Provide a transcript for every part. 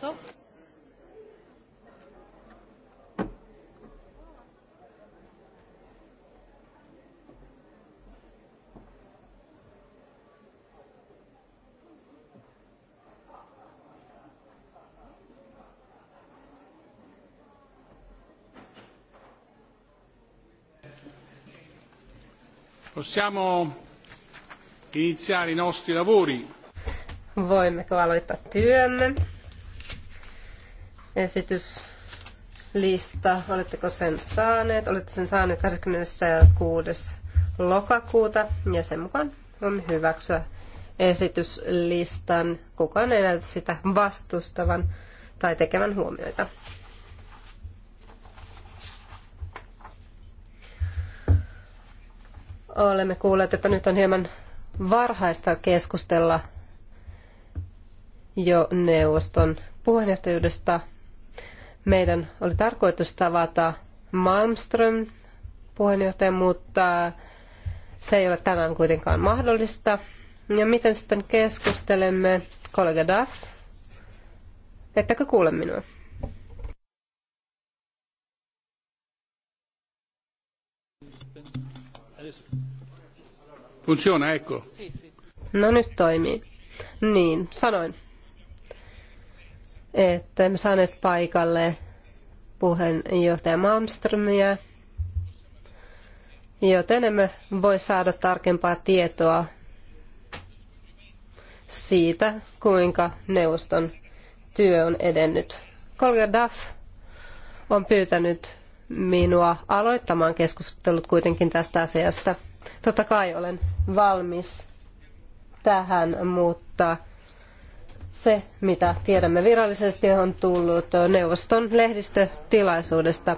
Palazzo. Possiamo iniziare i nostri lavori. Voimmeko aloittaa työmme? esityslista. Oletteko sen saaneet? Olette sen saaneet 26. lokakuuta ja sen mukaan on hyväksyä esityslistan. Kukaan ei näytä sitä vastustavan tai tekevän huomioita. Olemme kuulleet, että nyt on hieman varhaista keskustella jo neuvoston puheenjohtajuudesta meidän oli tarkoitus tavata Malmström puheenjohtaja, mutta se ei ole tänään kuitenkaan mahdollista. Ja miten sitten keskustelemme, kollega Duff? Ettäkö kuule minua? Funziona, ecco. No nyt toimii. Niin, sanoin että emme saaneet paikalle puheenjohtaja Malmströmiä, joten emme voi saada tarkempaa tietoa siitä, kuinka neuvoston työ on edennyt. Kolga Duff on pyytänyt minua aloittamaan keskustelut kuitenkin tästä asiasta. Totta kai olen valmis tähän, mutta se, mitä tiedämme virallisesti, on tullut neuvoston lehdistötilaisuudesta.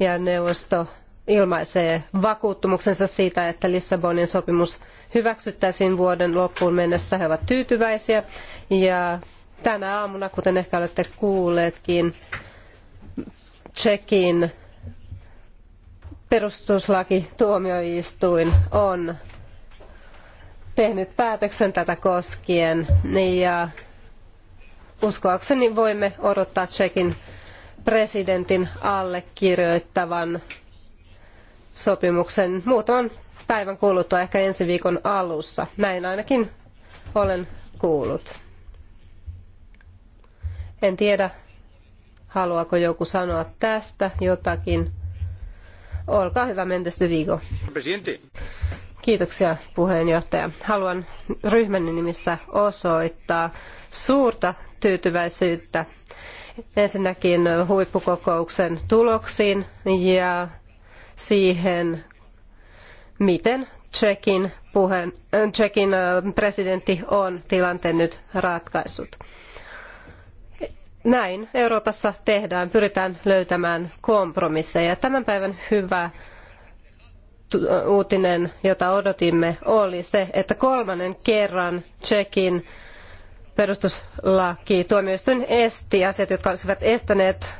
Ja neuvosto ilmaisee vakuuttumuksensa siitä, että Lissabonin sopimus hyväksyttäisiin vuoden loppuun mennessä. He ovat tyytyväisiä. Ja tänä aamuna, kuten ehkä olette kuulleetkin, Tsekin perustuslaki tuomioistuin on tehnyt päätöksen tätä koskien niin ja uskoakseni voimme odottaa Tsekin presidentin allekirjoittavan sopimuksen muutaman päivän kuluttua, ehkä ensi viikon alussa. Näin ainakin olen kuullut. En tiedä, haluaako joku sanoa tästä jotakin. Olkaa hyvä, Mendes de Kiitoksia puheenjohtaja. Haluan ryhmän nimissä osoittaa suurta tyytyväisyyttä ensinnäkin huippukokouksen tuloksiin ja siihen, miten Tsekin, puheen, äh, Tsekin äh, presidentti on tilanteen nyt ratkaissut. Näin Euroopassa tehdään, pyritään löytämään kompromisseja. Tämän päivän hyvä uutinen, jota odotimme, oli se, että kolmannen kerran Tsekin perustuslaki tuomioistuin esti asiat, jotka olisivat estäneet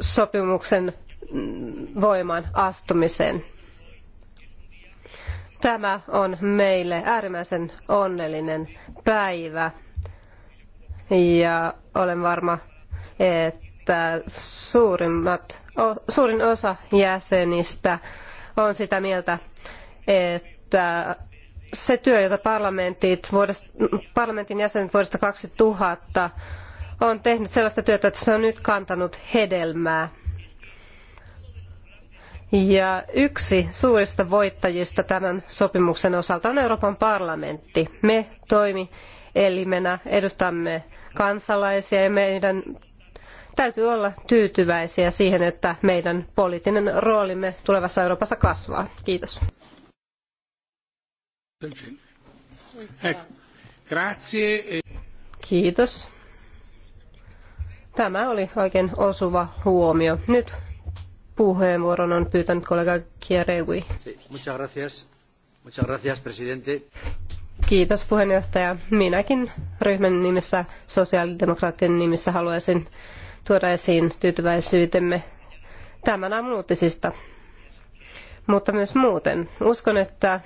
sopimuksen voimaan astumisen. Tämä on meille äärimmäisen onnellinen päivä ja olen varma, että suurimmat, suurin osa jäsenistä on sitä mieltä, että se työ, jota parlamentit, vuodesta, parlamentin jäsenet vuodesta 2000 on tehnyt sellaista työtä, että se on nyt kantanut hedelmää. Ja yksi suurista voittajista tämän sopimuksen osalta on Euroopan parlamentti. Me toimielimenä edustamme kansalaisia ja meidän Täytyy olla tyytyväisiä siihen, että meidän poliittinen roolimme tulevassa Euroopassa kasvaa. Kiitos. Kiitos. Tämä oli oikein osuva huomio. Nyt puheenvuoron on pyytänyt kollega Kierewi. Kiitos puheenjohtaja. Minäkin ryhmän nimissä, sosiaalidemokraattien nimissä haluaisin tuoda esiin tyytyväisyytemme tämän aamun uutisista, mutta myös muuten. Uskon, että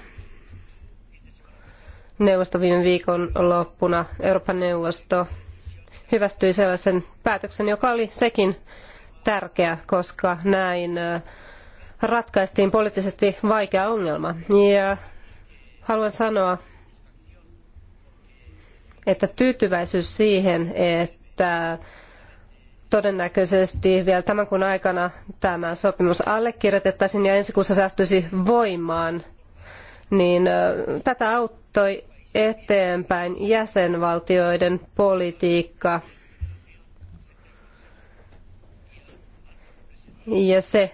neuvosto viime viikon loppuna, Euroopan neuvosto, hyvästyi sellaisen päätöksen, joka oli sekin tärkeä, koska näin äh, ratkaistiin poliittisesti vaikea ongelma. Ja haluan sanoa, että tyytyväisyys siihen, että todennäköisesti vielä tämän kuun aikana tämä sopimus allekirjoitettaisiin ja ensi kuussa säästyisi voimaan, niin tätä auttoi eteenpäin jäsenvaltioiden politiikka. Ja se,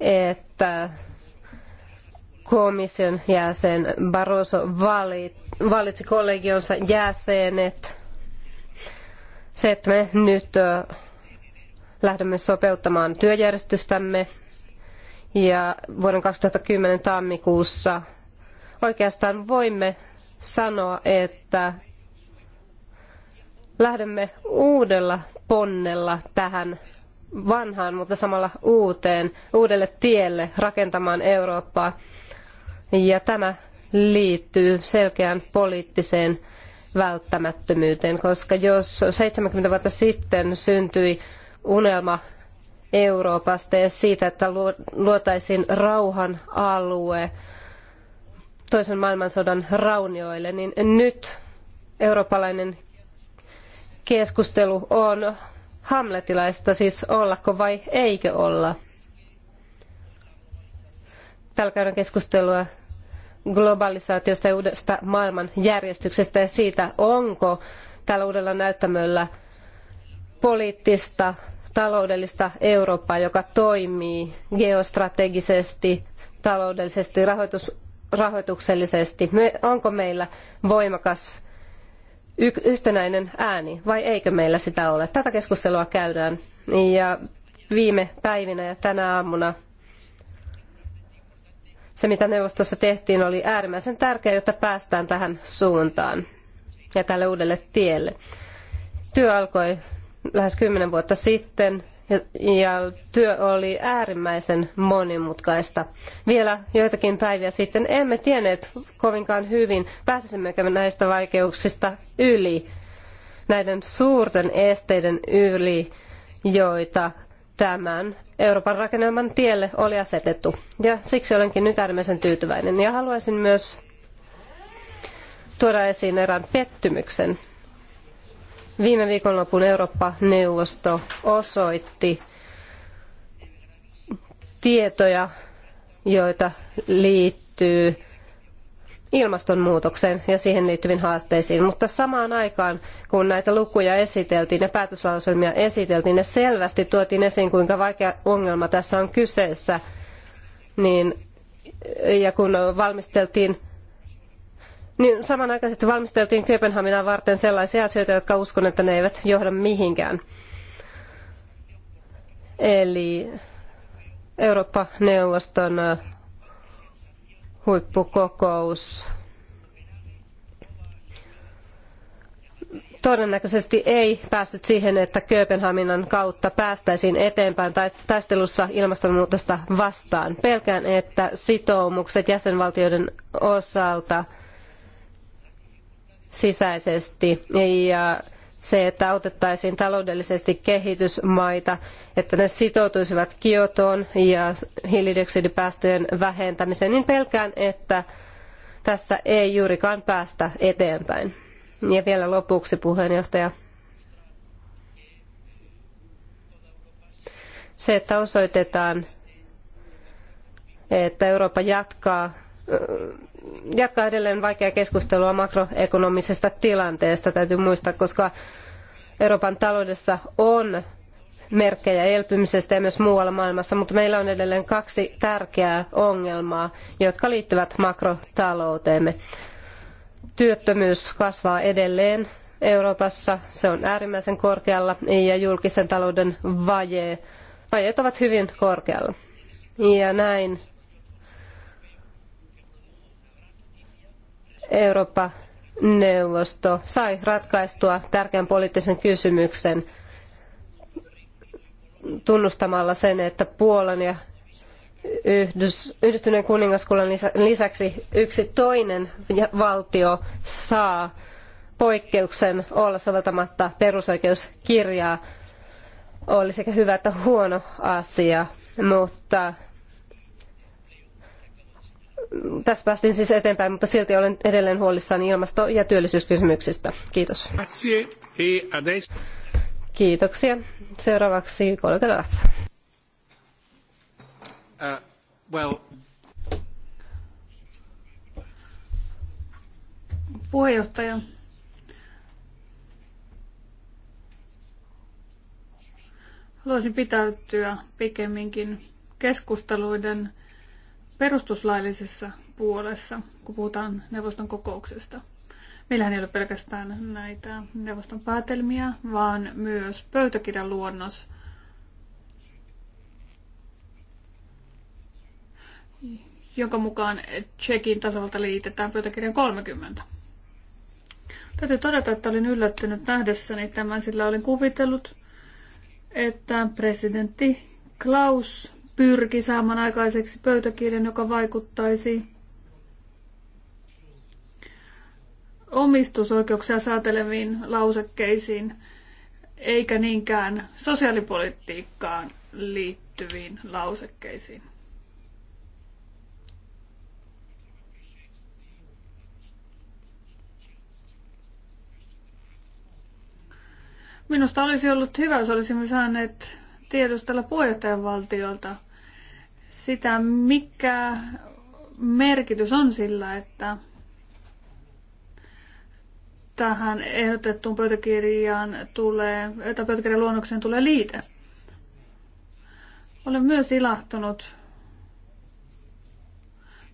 että komission jäsen Barroso valitsi kollegionsa jäsenet se, että me nyt lähdemme sopeuttamaan työjärjestystämme ja vuoden 2010 tammikuussa oikeastaan voimme sanoa, että lähdemme uudella ponnella tähän vanhaan, mutta samalla uuteen, uudelle tielle rakentamaan Eurooppaa. Ja tämä liittyy selkeään poliittiseen välttämättömyyteen, koska jos 70 vuotta sitten syntyi unelma Euroopasta ja siitä, että luotaisiin rauhan alue toisen maailmansodan raunioille, niin nyt eurooppalainen keskustelu on hamletilaista, siis ollako vai eikö olla. Täällä käydään keskustelua globalisaatiosta ja uudesta maailmanjärjestyksestä ja siitä, onko tällä uudella näyttämöllä poliittista, taloudellista Eurooppaa, joka toimii geostrategisesti, taloudellisesti, rahoitus, rahoituksellisesti. Me, onko meillä voimakas y, yhtenäinen ääni vai eikö meillä sitä ole? Tätä keskustelua käydään ja viime päivinä ja tänä aamuna – se, mitä neuvostossa tehtiin, oli äärimmäisen tärkeää, jotta päästään tähän suuntaan ja tälle uudelle tielle. Työ alkoi lähes kymmenen vuotta sitten ja työ oli äärimmäisen monimutkaista. Vielä joitakin päiviä sitten emme tienneet kovinkaan hyvin, pääsisimmekö näistä vaikeuksista yli, näiden suurten esteiden yli, joita tämän Euroopan rakennelman tielle oli asetettu. Ja siksi olenkin nyt äärimmäisen tyytyväinen. Ja haluaisin myös tuoda esiin erään pettymyksen. Viime viikonlopun Eurooppa-neuvosto osoitti tietoja, joita liittyy ilmastonmuutokseen ja siihen liittyviin haasteisiin, mutta samaan aikaan, kun näitä lukuja esiteltiin ja päätöslauselmia esiteltiin ja selvästi tuotiin esiin, kuinka vaikea ongelma tässä on kyseessä, niin, ja kun valmisteltiin niin samanaikaisesti valmisteltiin Kööpenhaminaa varten sellaisia asioita, jotka uskon, että ne eivät johda mihinkään. Eli Eurooppa-neuvoston huippukokous todennäköisesti ei päässyt siihen, että Kööpenhaminan kautta päästäisiin eteenpäin tai taistelussa ilmastonmuutosta vastaan. Pelkään, että sitoumukset jäsenvaltioiden osalta sisäisesti ja se, että autettaisiin taloudellisesti kehitysmaita, että ne sitoutuisivat Kiotoon ja hiilidioksidipäästöjen vähentämiseen, niin pelkään, että tässä ei juurikaan päästä eteenpäin. Ja vielä lopuksi puheenjohtaja. Se, että osoitetaan, että Eurooppa jatkaa jatkaa edelleen vaikeaa keskustelua makroekonomisesta tilanteesta, täytyy muistaa, koska Euroopan taloudessa on merkkejä elpymisestä ja myös muualla maailmassa, mutta meillä on edelleen kaksi tärkeää ongelmaa, jotka liittyvät makrotalouteemme. Työttömyys kasvaa edelleen Euroopassa, se on äärimmäisen korkealla ja julkisen talouden vaje, vajeet ovat hyvin korkealla. Ja näin Eurooppa-neuvosto sai ratkaistua tärkeän poliittisen kysymyksen tunnustamalla sen, että Puolan ja Yhdistyneen kuningaskunnan lisäksi yksi toinen valtio saa poikkeuksen olla soveltamatta perusoikeuskirjaa oli sekä hyvä että huono asia, mutta tässä päästiin siis eteenpäin, mutta silti olen edelleen huolissani ilmasto- ja työllisyyskysymyksistä. Kiitos. E Kiitoksia. Seuraavaksi kollega Raff. Uh, well. Puheenjohtaja. Haluaisin pitäytyä pikemminkin keskusteluiden perustuslaillisessa puolessa, kun puhutaan neuvoston kokouksesta. Meillähän ei ole pelkästään näitä neuvoston päätelmiä, vaan myös pöytäkirjan luonnos. jonka mukaan Tsekin tasavalta liitetään pöytäkirjan 30. Täytyy todeta, että olin yllättynyt nähdessäni tämän, sillä olin kuvitellut, että presidentti Klaus pyrki saamaan aikaiseksi pöytäkirjan, joka vaikuttaisi omistusoikeuksia sääteleviin lausekkeisiin, eikä niinkään sosiaalipolitiikkaan liittyviin lausekkeisiin. Minusta olisi ollut hyvä, jos olisimme saaneet tiedustella puheenjohtajan valtiolta sitä, mikä merkitys on sillä, että tähän ehdotettuun pöytäkirjaan tulee, tai pöytäkirjan luonnokseen tulee liite. Olen myös ilahtunut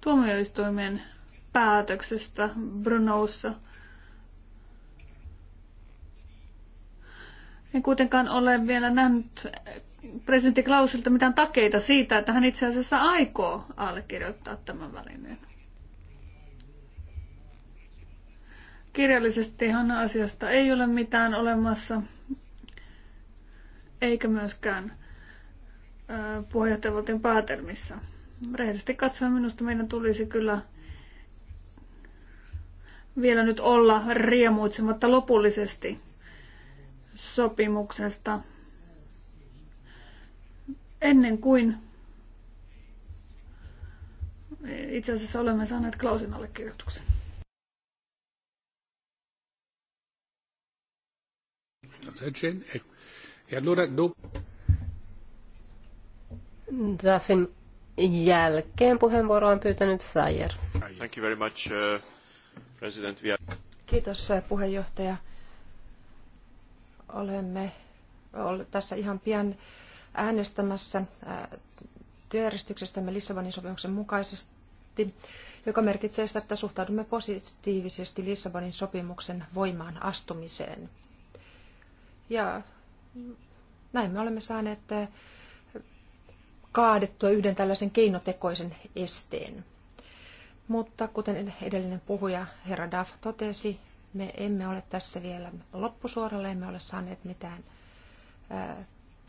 tuomioistuimen päätöksestä Brunoussa. En kuitenkaan ole vielä nähnyt presidentti Klausilta mitään takeita siitä, että hän itse asiassa aikoo allekirjoittaa tämän välineen. Kirjallisestihan asiasta ei ole mitään olemassa, eikä myöskään puheenjohtajavaltion päätelmissä. Rehellisesti katsoen minusta meidän tulisi kyllä vielä nyt olla riemuitsematta lopullisesti sopimuksesta ennen kuin itse asiassa olemme saaneet Klausin allekirjoituksen. E Duffin jälkeen puheenvuoro on pyytänyt Sayer. Thank you very much, uh, President. Kiitos uh, puheenjohtaja. Olemme tässä ihan pian äänestämässä työjärjestyksestämme Lissabonin sopimuksen mukaisesti, joka merkitsee sitä, että suhtaudumme positiivisesti Lissabonin sopimuksen voimaan astumiseen. Ja näin me olemme saaneet kaadettua yhden tällaisen keinotekoisen esteen. Mutta kuten edellinen puhuja herra Duff totesi, me emme ole tässä vielä loppusuoralla, emme ole saaneet mitään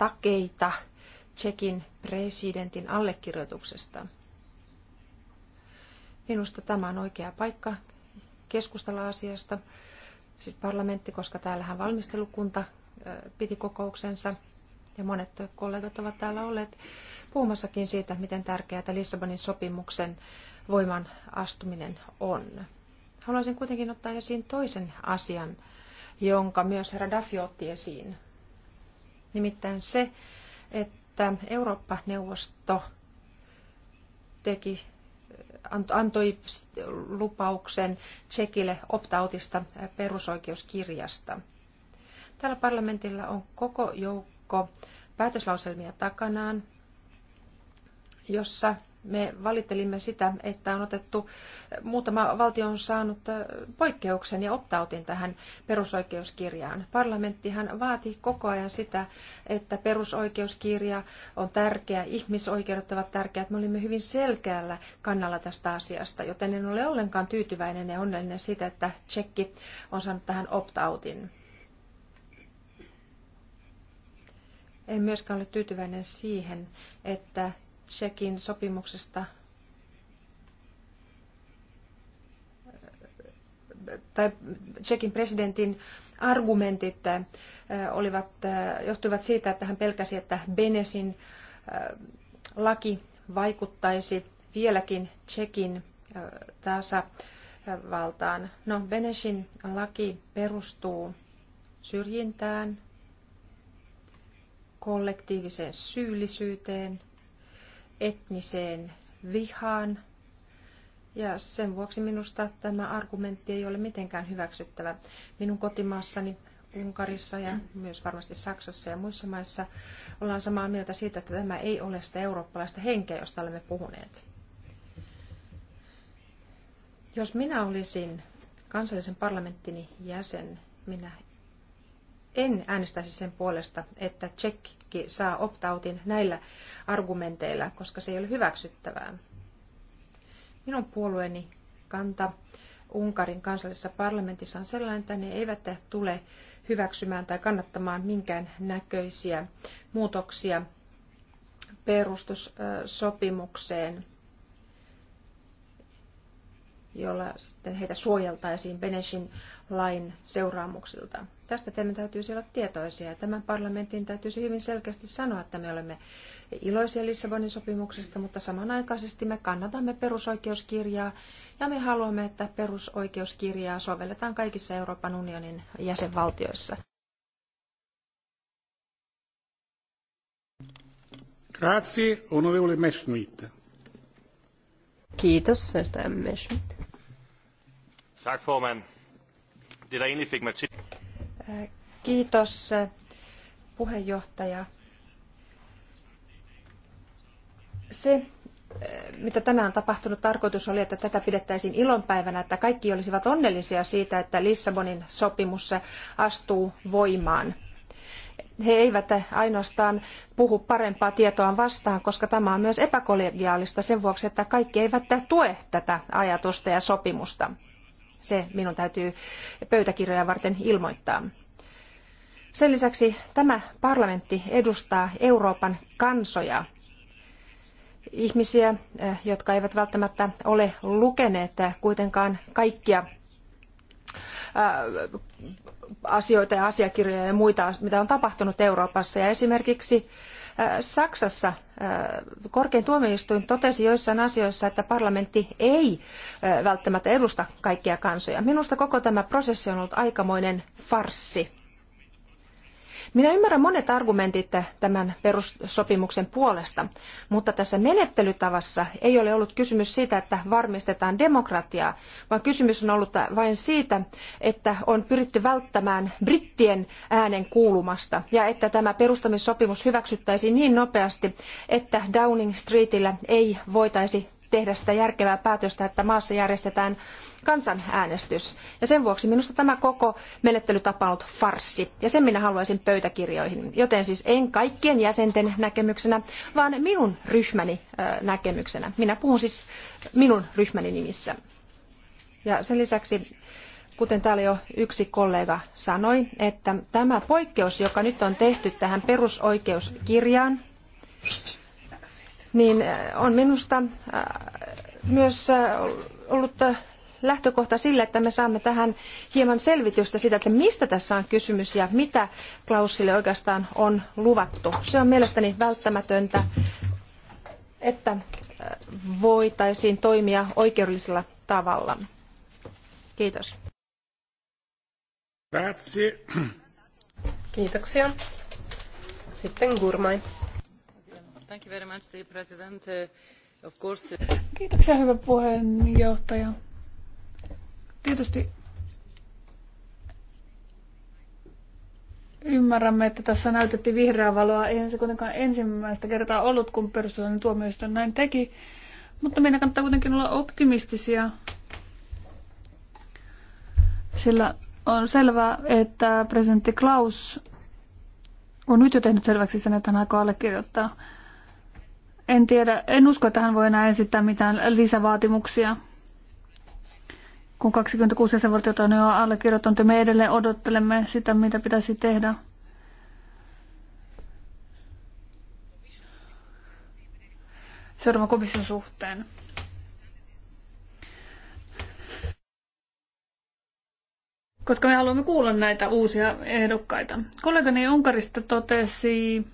takeita Tsekin presidentin allekirjoituksesta. Minusta tämä on oikea paikka keskustella asiasta, siis parlamentti, koska täällähän valmistelukunta piti kokouksensa ja monet kollegat ovat täällä olleet puhumassakin siitä, miten tärkeää Lissabonin sopimuksen voiman astuminen on. Haluaisin kuitenkin ottaa esiin toisen asian, jonka myös herra Daffi otti esiin nimittäin se, että Eurooppa-neuvosto teki, antoi lupauksen Tsekille opt-outista perusoikeuskirjasta. Tällä parlamentilla on koko joukko päätöslauselmia takanaan, jossa me valittelimme sitä, että on otettu, muutama valtio on saanut äh, poikkeuksen ja ottautin tähän perusoikeuskirjaan. Parlamenttihan vaati koko ajan sitä, että perusoikeuskirja on tärkeä, ihmisoikeudet ovat tärkeät. Me olimme hyvin selkeällä kannalla tästä asiasta, joten en ole ollenkaan tyytyväinen ja onnellinen siitä, että Tsekki on saanut tähän opt-outin. En myöskään ole tyytyväinen siihen, että Tsekin sopimuksesta tai Tsekin presidentin argumentit äh, olivat, äh, johtuivat siitä, että hän pelkäsi, että Benesin äh, laki vaikuttaisi vieläkin Tsekin tasavaltaan. No, Benesin laki perustuu syrjintään, kollektiiviseen syyllisyyteen – etniseen vihaan. Ja sen vuoksi minusta tämä argumentti ei ole mitenkään hyväksyttävä. Minun kotimaassani Unkarissa ja myös varmasti Saksassa ja muissa maissa ollaan samaa mieltä siitä, että tämä ei ole sitä eurooppalaista henkeä, josta olemme puhuneet. Jos minä olisin kansallisen parlamenttini jäsen, minä en äänestäisi sen puolesta, että tsekki saa optautin näillä argumenteilla, koska se ei ole hyväksyttävää. Minun puolueeni kanta Unkarin kansallisessa parlamentissa on sellainen, että ne eivät tule hyväksymään tai kannattamaan minkään näköisiä muutoksia perustussopimukseen – jolla sitten heitä suojeltaisiin Beneshin lain seuraamuksilta. Tästä teidän täytyisi olla tietoisia. Tämän parlamentin täytyisi hyvin selkeästi sanoa, että me olemme iloisia Lissabonin sopimuksesta, mutta samanaikaisesti me kannatamme perusoikeuskirjaa ja me haluamme, että perusoikeuskirjaa sovelletaan kaikissa Euroopan unionin jäsenvaltioissa. Grazie, onorevole Messerschmidt. Kiitos, Messerschmidt. Tack formen. Äh, kiitos äh, puheenjohtaja. Se, äh, mitä tänään on tapahtunut, tarkoitus oli, että tätä pidettäisiin ilonpäivänä, että kaikki olisivat onnellisia siitä, että Lissabonin sopimus astuu voimaan. He eivät ainoastaan puhu parempaa tietoa vastaan, koska tämä on myös epäkollegiaalista sen vuoksi, että kaikki eivät tue tätä ajatusta ja sopimusta. Se minun täytyy pöytäkirjoja varten ilmoittaa. Sen lisäksi tämä parlamentti edustaa Euroopan kansoja, ihmisiä, eh, jotka eivät välttämättä ole lukeneet eh, kuitenkaan kaikkia eh, asioita ja asiakirjoja ja muita, mitä on tapahtunut Euroopassa. Ja esimerkiksi Saksassa korkein tuomioistuin totesi joissain asioissa, että parlamentti ei välttämättä edusta kaikkia kansoja. Minusta koko tämä prosessi on ollut aikamoinen farsi minä ymmärrän monet argumentit tämän perussopimuksen puolesta, mutta tässä menettelytavassa ei ole ollut kysymys siitä, että varmistetaan demokratiaa, vaan kysymys on ollut vain siitä, että on pyritty välttämään brittien äänen kuulumasta ja että tämä perustamissopimus hyväksyttäisiin niin nopeasti, että Downing Streetillä ei voitaisi tehdä sitä järkevää päätöstä, että maassa järjestetään kansanäänestys. Ja sen vuoksi minusta tämä koko menettelytapa on ollut farssi. Ja sen minä haluaisin pöytäkirjoihin. Joten siis en kaikkien jäsenten näkemyksenä, vaan minun ryhmäni näkemyksenä. Minä puhun siis minun ryhmäni nimissä. Ja sen lisäksi kuten täällä jo yksi kollega sanoi, että tämä poikkeus, joka nyt on tehty tähän perusoikeuskirjaan, niin äh, on minusta äh, myös äh, ollut lähtökohta sille, että me saamme tähän hieman selvitystä siitä, että mistä tässä on kysymys ja mitä Klausille oikeastaan on luvattu. Se on mielestäni välttämätöntä, että voitaisiin toimia oikeudellisella tavalla. Kiitos. Grazie. Kiitoksia. Sitten Gurmai. Thank you uh, uh, Kiitoksia, hyvä puheenjohtaja. Tietysti ymmärrämme, että tässä näytettiin vihreää valoa. Eihän se kuitenkaan ensimmäistä kertaa ollut, kun perustuslainen tuomioistuin näin teki. Mutta meidän kannattaa kuitenkin olla optimistisia, sillä on selvää, että presidentti Klaus on nyt jo tehnyt selväksi sen, että hän aikoo allekirjoittaa en tiedä, en usko, että hän voi enää esittää mitään lisävaatimuksia. Kun 26 jäsenvaltiota on jo allekirjoittanut me edelleen odottelemme sitä, mitä pitäisi tehdä. Seuraava komission suhteen. koska me haluamme kuulla näitä uusia ehdokkaita. Kollegani Unkarista totesi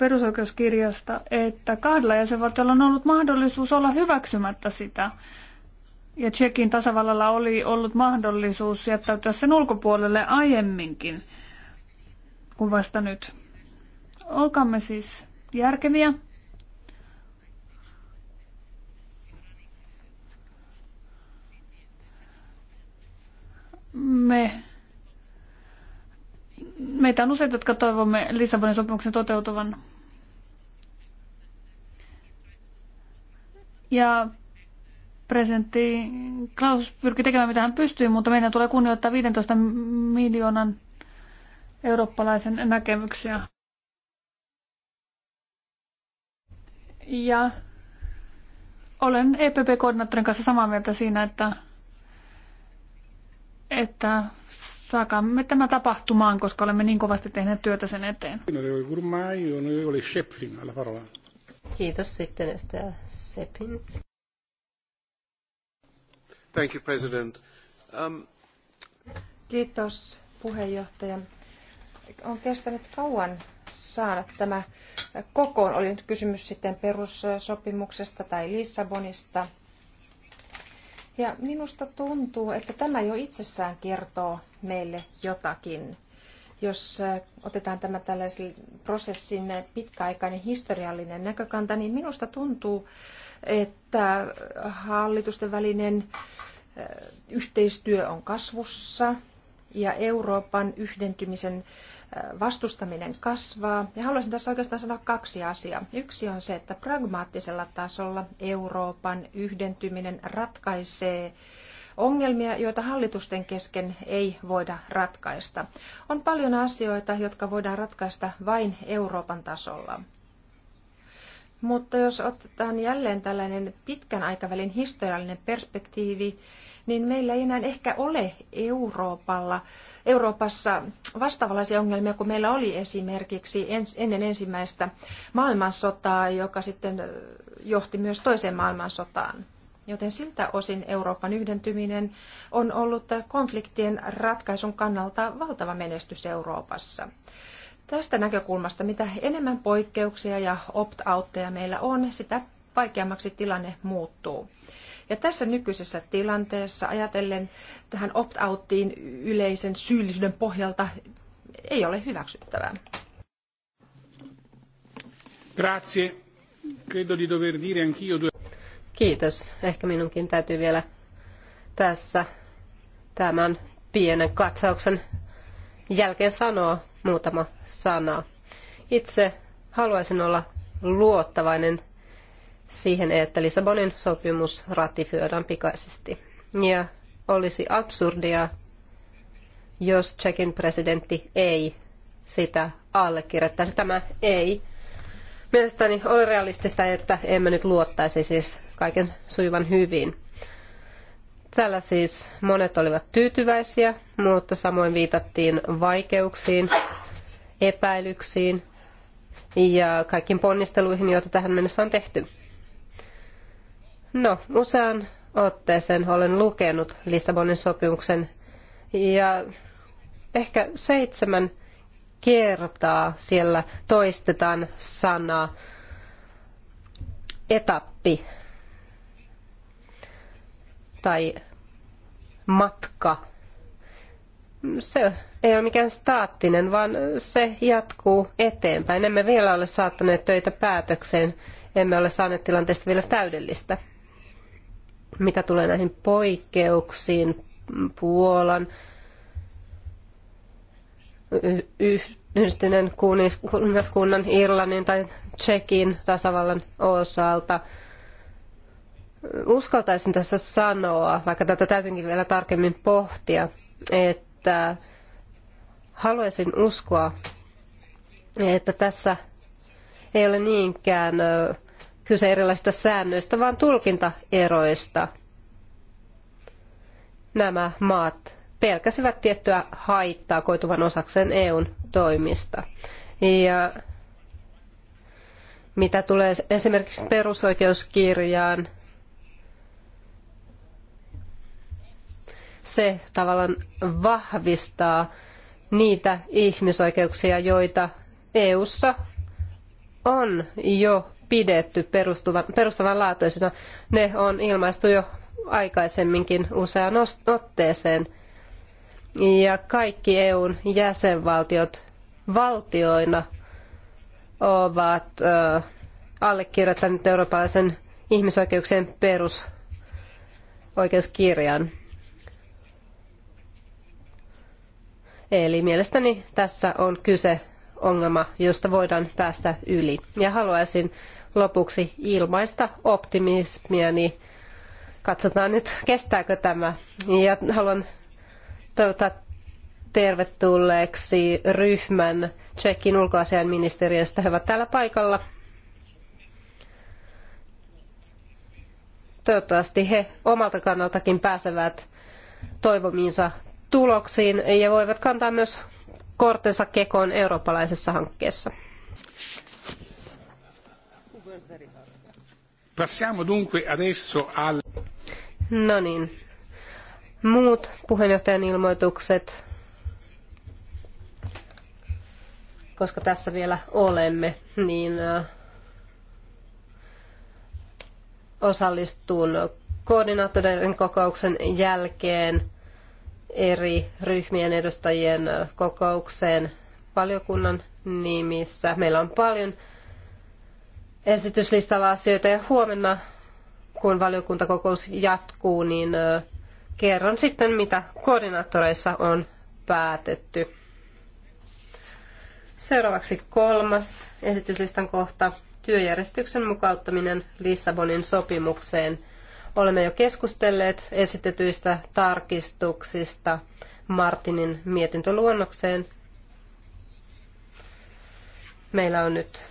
perusoikeuskirjasta, että kahdella jäsenvaltiolla on ollut mahdollisuus olla hyväksymättä sitä. Ja Tsekin tasavallalla oli ollut mahdollisuus jättäytyä sen ulkopuolelle aiemminkin kuin vasta nyt. Olkaamme siis järkeviä. Me, meitä on useita, jotka toivomme Lissabonin sopimuksen toteutuvan Ja presidentti Klaus pyrki tekemään mitä hän pystyi, mutta meidän tulee kunnioittaa 15 miljoonan eurooppalaisen näkemyksiä. Ja olen EPP-koordinaattorin kanssa samaa mieltä siinä, että, että saakamme tämä tapahtumaan, koska olemme niin kovasti tehneet työtä sen eteen. olen Gurmai, olen Schöpflin, alla parola. Kiitos sitten edustaja Sepin. Thank you, President. Um... Kiitos puheenjohtaja. On kestänyt kauan saada tämä kokoon. Oli nyt kysymys sitten perussopimuksesta tai Lissabonista. Ja minusta tuntuu, että tämä jo itsessään kertoo meille jotakin jos äh, otetaan tämä tällaisen prosessin pitkäaikainen historiallinen näkökanta, niin minusta tuntuu, että hallitusten välinen äh, yhteistyö on kasvussa ja Euroopan yhdentymisen äh, vastustaminen kasvaa. Ja haluaisin tässä oikeastaan sanoa kaksi asiaa. Yksi on se, että pragmaattisella tasolla Euroopan yhdentyminen ratkaisee ongelmia, joita hallitusten kesken ei voida ratkaista. On paljon asioita, jotka voidaan ratkaista vain Euroopan tasolla. Mutta jos otetaan jälleen tällainen pitkän aikavälin historiallinen perspektiivi, niin meillä ei enää ehkä ole Euroopalla, Euroopassa vastaavanlaisia ongelmia kuin meillä oli esimerkiksi ennen ensimmäistä maailmansotaa, joka sitten johti myös toiseen maailmansotaan joten siltä osin Euroopan yhdentyminen on ollut konfliktien ratkaisun kannalta valtava menestys Euroopassa. Tästä näkökulmasta, mitä enemmän poikkeuksia ja opt-outteja meillä on, sitä vaikeammaksi tilanne muuttuu. Ja tässä nykyisessä tilanteessa ajatellen tähän opt-outtiin yleisen syyllisyyden pohjalta ei ole hyväksyttävää. Grazie. Credo di dover dire anch'io due Kiitos. Ehkä minunkin täytyy vielä tässä tämän pienen katsauksen jälkeen sanoa muutama sana. Itse haluaisin olla luottavainen siihen, että Lissabonin sopimus ratifioidaan pikaisesti. Ja olisi absurdia, jos Tsekin presidentti ei sitä allekirjoittaisi. Tämä ei mielestäni ole realistista, että emme nyt luottaisi siis kaiken sujuvan hyvin. Tällä siis monet olivat tyytyväisiä, mutta samoin viitattiin vaikeuksiin, epäilyksiin ja kaikkiin ponnisteluihin, joita tähän mennessä on tehty. No, usean otteeseen olen lukenut Lissabonin sopimuksen ja ehkä seitsemän kertaa siellä toistetaan sanaa etappi tai matka, se ei ole mikään staattinen, vaan se jatkuu eteenpäin. Emme vielä ole saattaneet töitä päätökseen, emme ole saaneet tilanteesta vielä täydellistä. Mitä tulee näihin poikkeuksiin, Puolan, yhdistyneen kuningaskunnan, Irlannin tai Tsekin tasavallan osalta – uskaltaisin tässä sanoa, vaikka tätä täytyykin vielä tarkemmin pohtia, että haluaisin uskoa, että tässä ei ole niinkään kyse erilaisista säännöistä, vaan tulkintaeroista. Nämä maat pelkäsivät tiettyä haittaa koituvan osakseen EUn toimista. Ja mitä tulee esimerkiksi perusoikeuskirjaan, se tavallaan vahvistaa niitä ihmisoikeuksia, joita EU:ssa on jo pidetty perustavanlaatuisina. Ne on ilmaistu jo aikaisemminkin useaan otteeseen. Ja kaikki EUn jäsenvaltiot valtioina ovat ö, allekirjoittaneet eurooppalaisen ihmisoikeuksien perusoikeuskirjan. Eli mielestäni tässä on kyse ongelma, josta voidaan päästä yli. Ja haluaisin lopuksi ilmaista optimismiani. Niin katsotaan nyt, kestääkö tämä. Ja haluan toivottaa tervetulleeksi ryhmän Tsekin ulkoasiainministeriöstä. He ovat täällä paikalla. Toivottavasti he omalta kannaltakin pääsevät toivomiinsa tuloksiin ja voivat kantaa myös kortensa kekoon eurooppalaisessa hankkeessa. Passiamo dunque adesso al... No niin. Muut puheenjohtajan ilmoitukset, koska tässä vielä olemme, niin äh, osallistun koordinaattoreiden kokouksen jälkeen eri ryhmien edustajien kokoukseen valiokunnan nimissä. Meillä on paljon esityslistalla asioita ja huomenna, kun valiokuntakokous jatkuu, niin kerron sitten, mitä koordinaattoreissa on päätetty. Seuraavaksi kolmas esityslistan kohta, työjärjestyksen mukauttaminen Lissabonin sopimukseen – Olemme jo keskustelleet esitetyistä tarkistuksista Martinin mietintöluonnokseen. Meillä on nyt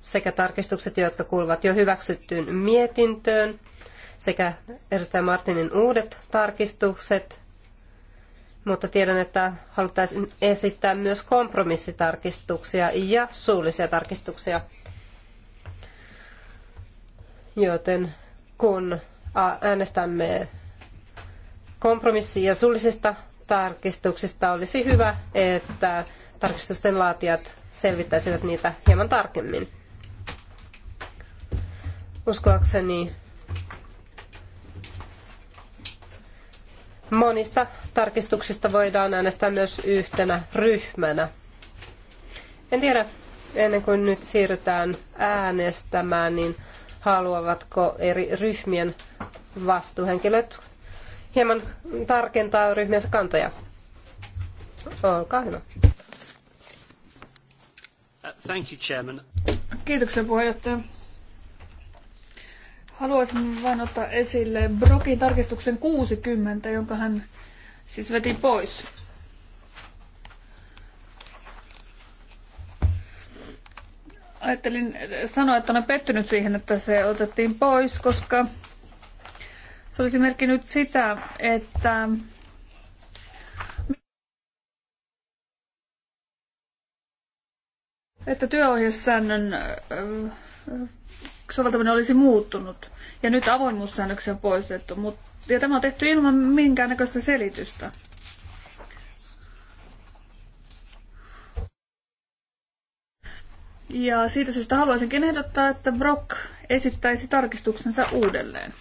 sekä tarkistukset, jotka kuuluvat jo hyväksyttyyn mietintöön, sekä edustaja Martinin uudet tarkistukset, mutta tiedän, että haluttaisiin esittää myös kompromissitarkistuksia ja suullisia tarkistuksia. Joten kun äänestämme kompromissia suullisista tarkistuksista. Olisi hyvä, että tarkistusten laatijat selvittäisivät niitä hieman tarkemmin. Uskoakseni monista tarkistuksista voidaan äänestää myös yhtenä ryhmänä. En tiedä, ennen kuin nyt siirrytään äänestämään, niin haluavatko eri ryhmien vastuuhenkilöt hieman tarkentaa ryhmiensä kantoja. Olkaa hyvä. Thank you, Chairman. Kiitoksia puheenjohtaja. Haluaisin vain ottaa esille Brokin tarkistuksen 60, jonka hän siis veti pois. ajattelin sanoa, että olen pettynyt siihen, että se otettiin pois, koska se olisi merkinnyt sitä, että että työohjesäännön äh, soveltaminen olisi muuttunut. Ja nyt avoimuussäännöksiä on poistettu. Mut, ja tämä on tehty ilman minkäännäköistä selitystä. Ja siitä syystä haluaisinkin ehdottaa, että Brock esittäisi tarkistuksensa uudelleen.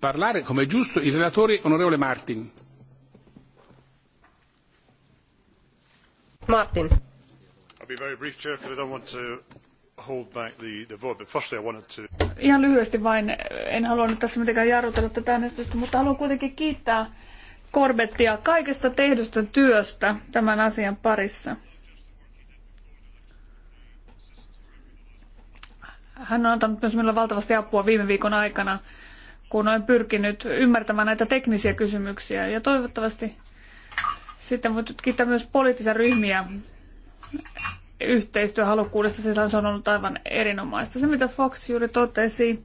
parlare come giusto il relatore onorevole Martin. Martin. I'll be very brief, Chair, because I don't want to Ihan lyhyesti vain, en halua nyt tässä mitenkään jarrutella tätä äänestystä, mutta haluan kuitenkin kiittää Korbettia kaikesta tehdystä työstä tämän asian parissa. Hän on antanut myös minulle valtavasti apua viime viikon aikana, kun olen pyrkinyt ymmärtämään näitä teknisiä kysymyksiä. Ja toivottavasti sitten voit kiittää myös poliittisia ryhmiä yhteistyöhalukkuudesta, se on ollut aivan erinomaista. Se, mitä Fox juuri totesi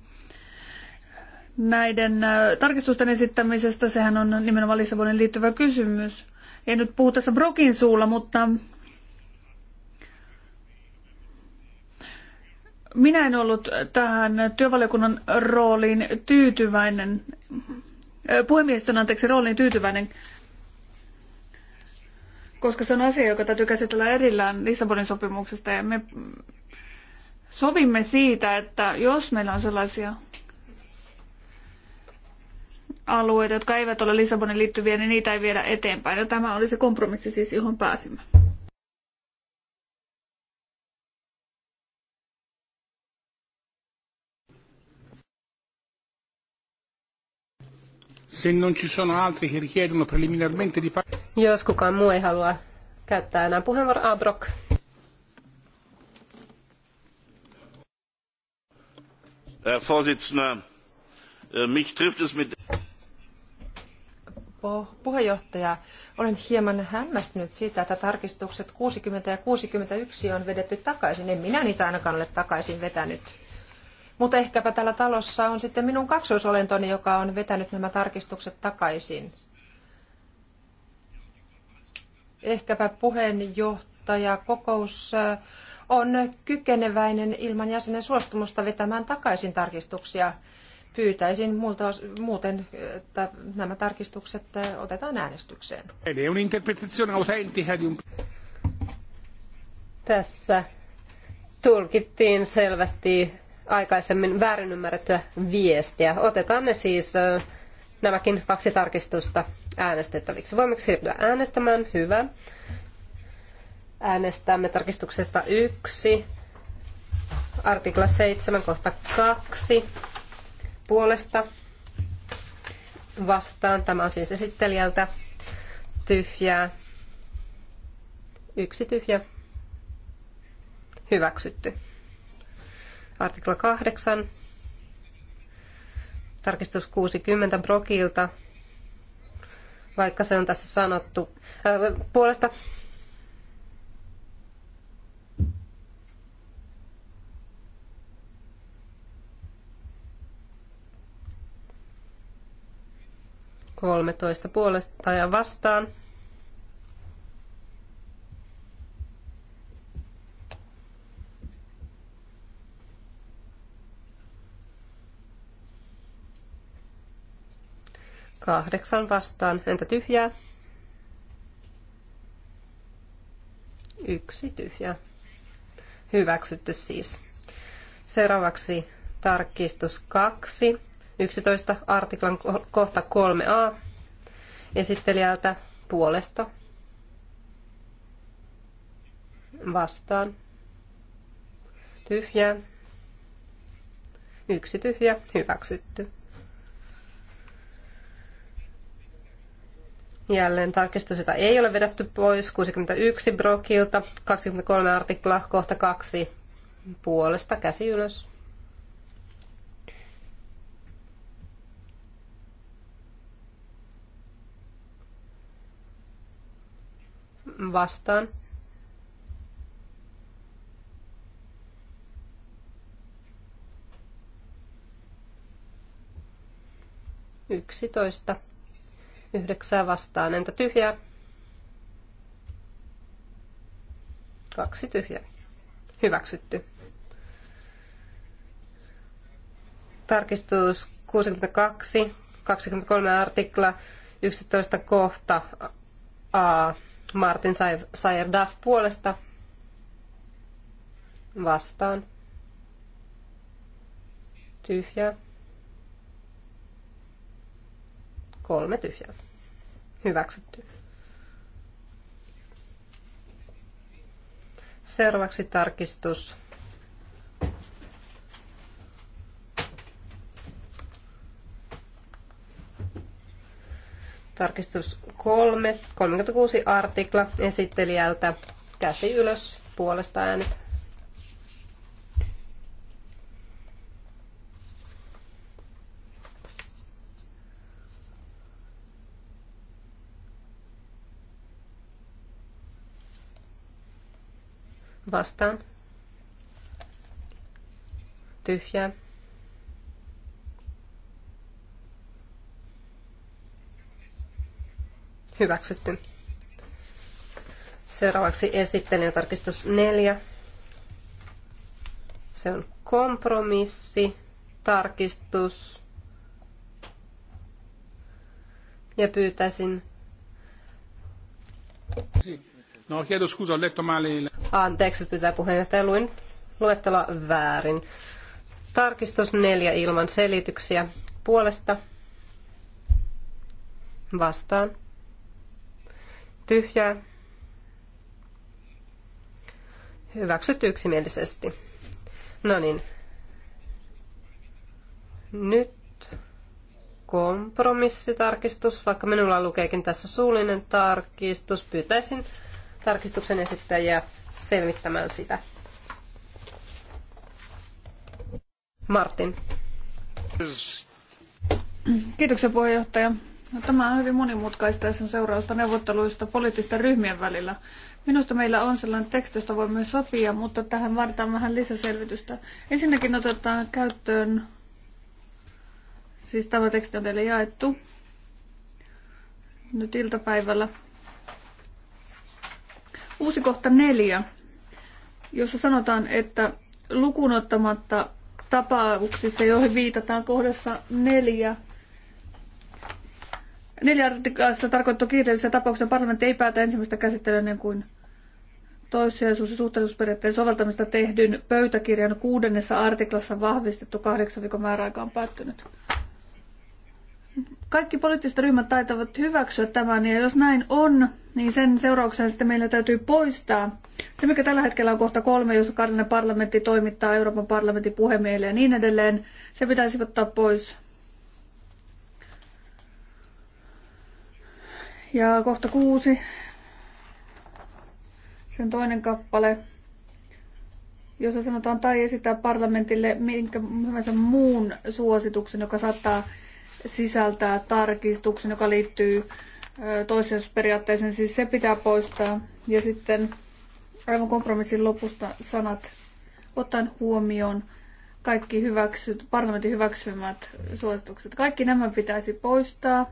näiden tarkistusten esittämisestä, sehän on nimenomaan Lissabonin liittyvä kysymys. En nyt puhu tässä Brokin suulla, mutta minä en ollut tähän työvaliokunnan rooliin tyytyväinen, puhemiestön anteeksi rooliin tyytyväinen koska se on asia, joka täytyy käsitellä erillään Lissabonin sopimuksesta. Ja me sovimme siitä, että jos meillä on sellaisia alueita, jotka eivät ole Lissabonin liittyviä, niin niitä ei viedä eteenpäin. Ja tämä oli se kompromissi siis, johon pääsimme. Se non ci sono altri che richiedono preliminarmente di Jos kukaan muu ei halua käyttää enää puheenvuoroa, Abrok. Ah, Herr Vorsitzender, äh, mich trifft es mit puheenjohtaja, olen hieman hämmästynyt siitä, että tarkistukset 60 ja 61 on vedetty takaisin. En minä niitä ainakaan ole takaisin vetänyt. Mutta ehkäpä täällä talossa on sitten minun kaksoisolentoni, joka on vetänyt nämä tarkistukset takaisin. Ehkäpä puheenjohtaja kokous on kykeneväinen ilman jäsenen suostumusta vetämään takaisin tarkistuksia. Pyytäisin multa, muuten, että nämä tarkistukset otetaan äänestykseen. Tässä tulkittiin selvästi aikaisemmin väärin ymmärrettyä viestiä. Otetaan ne siis nämäkin kaksi tarkistusta äänestettäviksi. Voimmeko siirtyä äänestämään? Hyvä. Äänestämme tarkistuksesta yksi, artikla 7, kohta 2, puolesta vastaan. Tämä on siis esittelijältä tyhjää. Yksi tyhjä. Hyväksytty. Artikla 8. Tarkistus 60 Brokilta. Vaikka se on tässä sanottu äh, puolesta kolmetoista puolesta ja vastaan. Kahdeksan vastaan. Entä tyhjää? Yksi tyhjä. Hyväksytty siis. Seuraavaksi tarkistus 2, 11 artiklan kohta 3a esittelijältä puolesta vastaan. Tyhjää. Yksi tyhjä. Hyväksytty. Jälleen tarkistus, jota ei ole vedetty pois, 61 Brokilta, 23 artikla, kohta 2 puolesta, käsi ylös. Vastaan. Yksitoista. Yhdeksää vastaan. Entä tyhjää? Kaksi tyhjää. Hyväksytty. Tarkistus 62, 23 artikla, 11 kohta A. Martin Sayer Duff puolesta vastaan. Tyhjää. Kolme tyhjää. Hyväksytty. Seuraavaksi tarkistus. Tarkistus 3, 36 artikla esittelijältä. Käsi ylös, puolesta äänet vastaan. Tyhjä. Hyväksytty. Seuraavaksi esittelen tarkistus 4. Se on kompromissi, tarkistus. Ja pyytäisin No, chiedo scusa, ho letto male. Anteeksi, pyytää puheenjohtaja, luin luetteloa väärin. Tarkistus neljä ilman selityksiä. Puolesta vastaan. Tyhjää. Hyväksyt yksimielisesti. No niin. Nyt kompromissitarkistus, vaikka minulla lukeekin tässä suullinen tarkistus, pyytäisin tarkistuksen esittäjiä selvittämään sitä. Martin. Kiitoksia puheenjohtaja. No, tämä on hyvin monimutkaista ja sen seurausta neuvotteluista poliittisten ryhmien välillä. Minusta meillä on sellainen teksti, josta voimme sopia, mutta tähän vaaditaan vähän lisäselvitystä. Ensinnäkin otetaan käyttöön, siis tämä teksti on teille jaettu nyt iltapäivällä, Uusi kohta neljä, jossa sanotaan, että lukunottamatta tapauksissa, joihin viitataan kohdassa neljä, Neljä artikkelissa tarkoittaa kiireellisessä tapauksessa parlamentti ei päätä ensimmäistä käsittelyä ennen kuin toissijaisuus- ja suhteellisuusperiaatteen soveltamista tehdyn pöytäkirjan kuudennessa artiklassa vahvistettu kahdeksan viikon määräaika on päättynyt kaikki poliittiset ryhmät taitavat hyväksyä tämän, ja jos näin on, niin sen seurauksena sitten meillä täytyy poistaa se, mikä tällä hetkellä on kohta kolme, jossa kansallinen parlamentti toimittaa Euroopan parlamentin puhemiehelle ja niin edelleen. Se pitäisi ottaa pois. Ja kohta kuusi, sen toinen kappale, jossa sanotaan tai esittää parlamentille minkä hyvänsä muun suosituksen, joka saattaa sisältää tarkistuksen, joka liittyy toisiosperiaatteeseen, siis se pitää poistaa. Ja sitten aivan kompromissin lopusta sanat ottaen huomioon kaikki hyväksyt, parlamentin hyväksymät suositukset. Kaikki nämä pitäisi poistaa,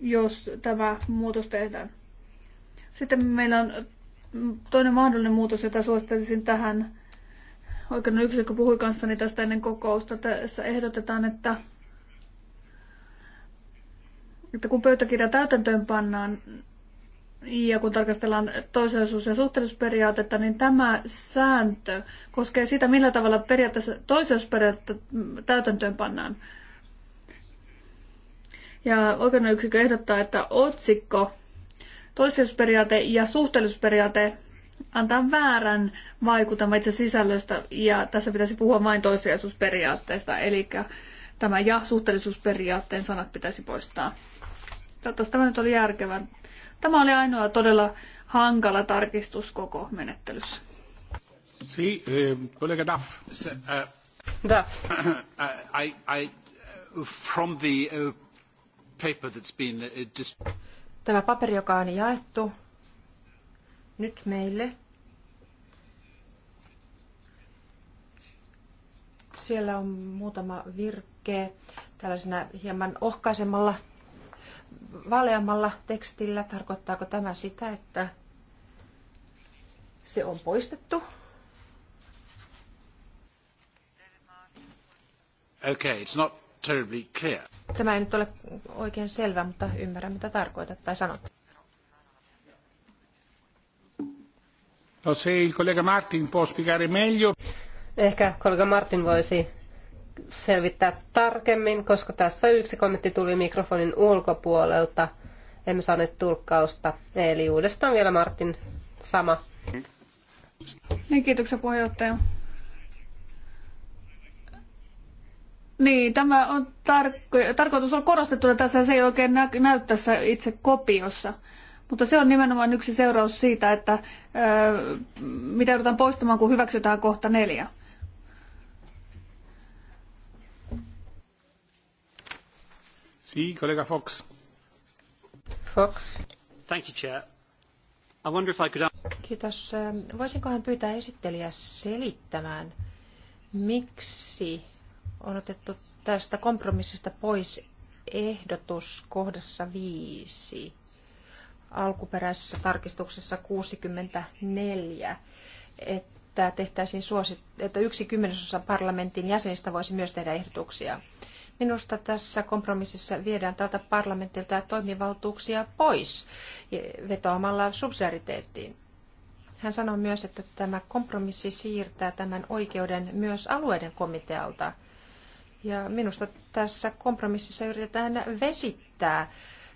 jos tämä muutos tehdään. Sitten meillä on toinen mahdollinen muutos, jota suosittaisin tähän. Oikeuden yksikkö puhui kanssani tästä ennen kokousta. Tässä ehdotetaan, että että kun pöytäkirja täytäntöön pannaan ja kun tarkastellaan toisellisuus- ja suhteellisuusperiaatetta, niin tämä sääntö koskee sitä, millä tavalla periaatteessa toisellisuusperiaatetta täytäntöön pannaan. Ja oikeuden yksikö ehdottaa, että otsikko toisellisuusperiaate ja suhteellisuusperiaate antaa väärän vaikutelman itse sisällöstä ja tässä pitäisi puhua vain toisellisuusperiaatteesta, eli tämä ja suhteellisuusperiaatteen sanat pitäisi poistaa. Toivottavasti tämä nyt oli järkevä. Tämä oli ainoa todella hankala tarkistus koko menettelyssä. Si, eh, kollega Duff. Eh, Duff. Eh, I, I, from the paper that's been Tämä paperi, joka on jaettu nyt meille, siellä on muutama virke tällaisena hieman ohkaisemmalla vaaleammalla tekstillä, tarkoittaako tämä sitä, että se on poistettu? Okay, it's not terribly clear. Tämä ei nyt ole oikein selvä, mutta ymmärrän mitä tarkoitat tai sanot. No se kollega Martin può spiegare meglio. Ehkä kollega Martin voisi selvittää tarkemmin, koska tässä yksi kommentti tuli mikrofonin ulkopuolelta. Emme saaneet tulkkausta. Eli uudestaan vielä Martin sama. Niin, kiitoksia puheenjohtaja. Niin, tämä on tar- tarkoitus on että tässä, se ei oikein nä- näy tässä itse kopiossa. Mutta se on nimenomaan yksi seuraus siitä, että öö, mitä joudutaan poistamaan, kun hyväksytään kohta neljä. Si, Fox. Fox. Thank you, Chair. I wonder if I could... Kiitos. Voisinkohan pyytää esittelijä selittämään, miksi on otettu tästä kompromissista pois ehdotus kohdassa viisi alkuperäisessä tarkistuksessa 64, että tehtäisiin suosit- että yksi kymmenesosa parlamentin jäsenistä voisi myös tehdä ehdotuksia. Minusta tässä kompromississa viedään tältä parlamentilta toimivaltuuksia pois vetoamalla subsidiariteettiin. Hän sanoi myös, että tämä kompromissi siirtää tämän oikeuden myös alueiden komitealta. Ja minusta tässä kompromississa yritetään vesittää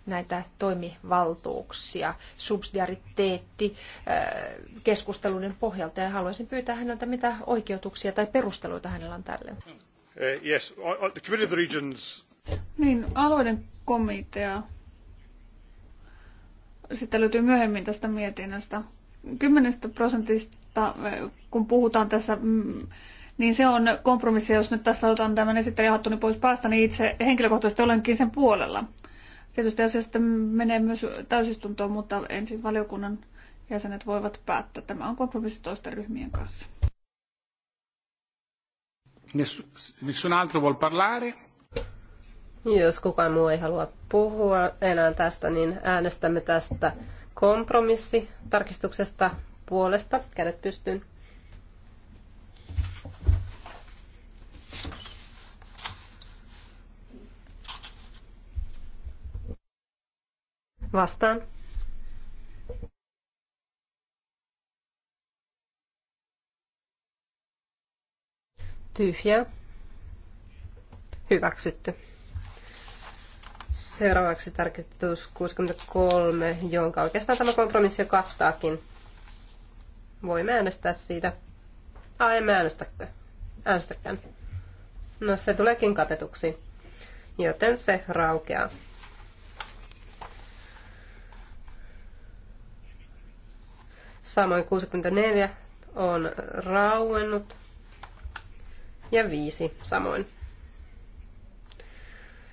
näitä toimivaltuuksia subsidiariteetti äh, keskusteluiden pohjalta ja haluaisin pyytää häneltä mitä oikeutuksia tai perusteluita hänellä on tälle. Uh, yes, the Committee of the Regions. Niin, alueiden komitea. Sitten löytyy myöhemmin tästä mietinnöstä. 10 prosentista, eh, kun puhutaan tässä, mm, niin se on kompromissi, jos nyt tässä otan tämän esittelijähattuni pois päästä, niin itse henkilökohtaisesti olenkin sen puolella. Tietysti sitten menee myös täysistuntoon, mutta ensin valiokunnan jäsenet voivat päättää. Tämä on kompromissi toisten ryhmien kanssa. Ness- nessun altro vuol parlare? Jos kukaan muu ei halua puhua enää tästä, niin äänestämme tästä kompromissitarkistuksesta puolesta. Kädet pystyyn. Vastaan. tyhjä, hyväksytty. Seuraavaksi tarkistus 63, jonka oikeastaan tämä kompromissi jo kattaakin. Voimme äänestää siitä. Ai, emme äänestäkö. äänestäkään. No se tuleekin katetuksi, joten se raukeaa. Samoin 64 on rauennut ja 5 samoin.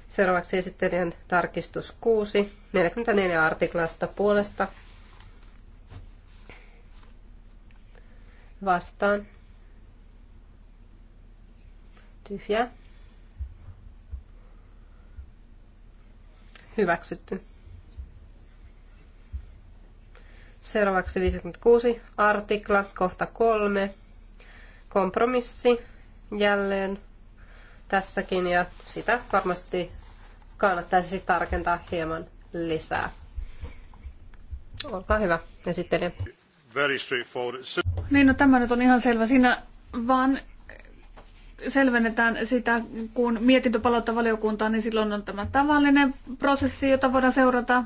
Seuraavaksi esittelijän tarkistus 6, 44 artiklasta puolesta vastaan. Tyhjä. Hyväksytty. Seuraavaksi 56 artikla, kohta 3. Kompromissi jälleen tässäkin ja sitä varmasti kannattaisi tarkentaa hieman lisää. Olkaa hyvä, esittelijä. Very straightforward. Niin, no tämä nyt on ihan selvä. Siinä vaan selvennetään sitä, kun mietintö palauttaa valiokuntaan, niin silloin on tämä tavallinen prosessi, jota voidaan seurata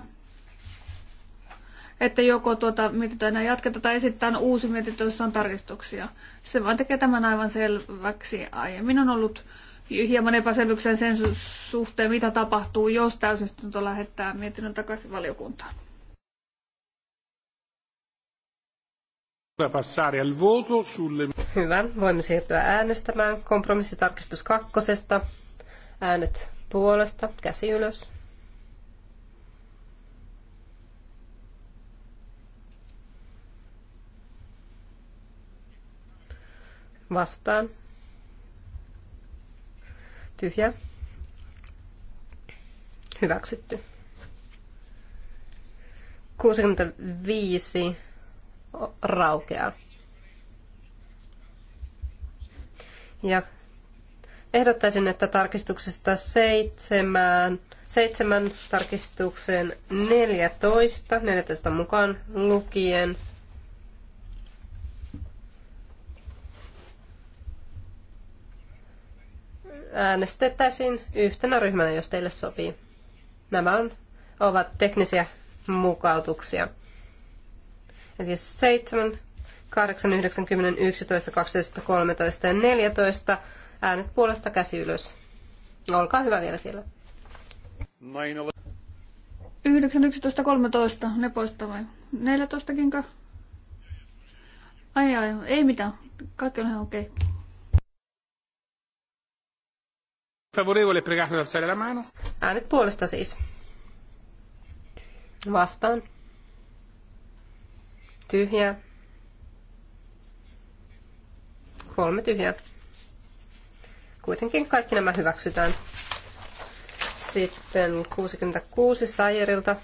että joko tuota mietintöä enää jatketa tai esittää no uusi mietintö, jossa on tarkistuksia. Se vaan tekee tämän aivan selväksi. Aiemmin on ollut hieman epäselvyyksiä sen suhteen, mitä tapahtuu, jos täysistunto lähettää mietinnön takaisin valiokuntaan. Hyvä. Voimme siirtyä äänestämään kompromissitarkistus kakkosesta. Äänet puolesta, käsi ylös. vastaan. Tyhjä. Hyväksytty. 65 raukeaa. Ja ehdottaisin, että tarkistuksesta 7, 7 tarkistukseen 14, 14 mukaan lukien äänestettäisiin yhtenä ryhmänä, jos teille sopii. Nämä on, ovat teknisiä mukautuksia. Eli 7, 8, 9, 10, 11, 12, 13 ja 14 äänet puolesta käsi ylös. Olkaa hyvä vielä siellä. 9, 11, 13, ne poistaa vai? 14 kinka? Ai ai, ei mitään. Kaikki on ihan okei. Okay. Favorevole pregato alzare la mano. Äänet puolesta siis. Vastaan. Tyhjä. Kolme tyhjää. Kuitenkin kaikki nämä hyväksytään. Sitten 66 Sajerilta.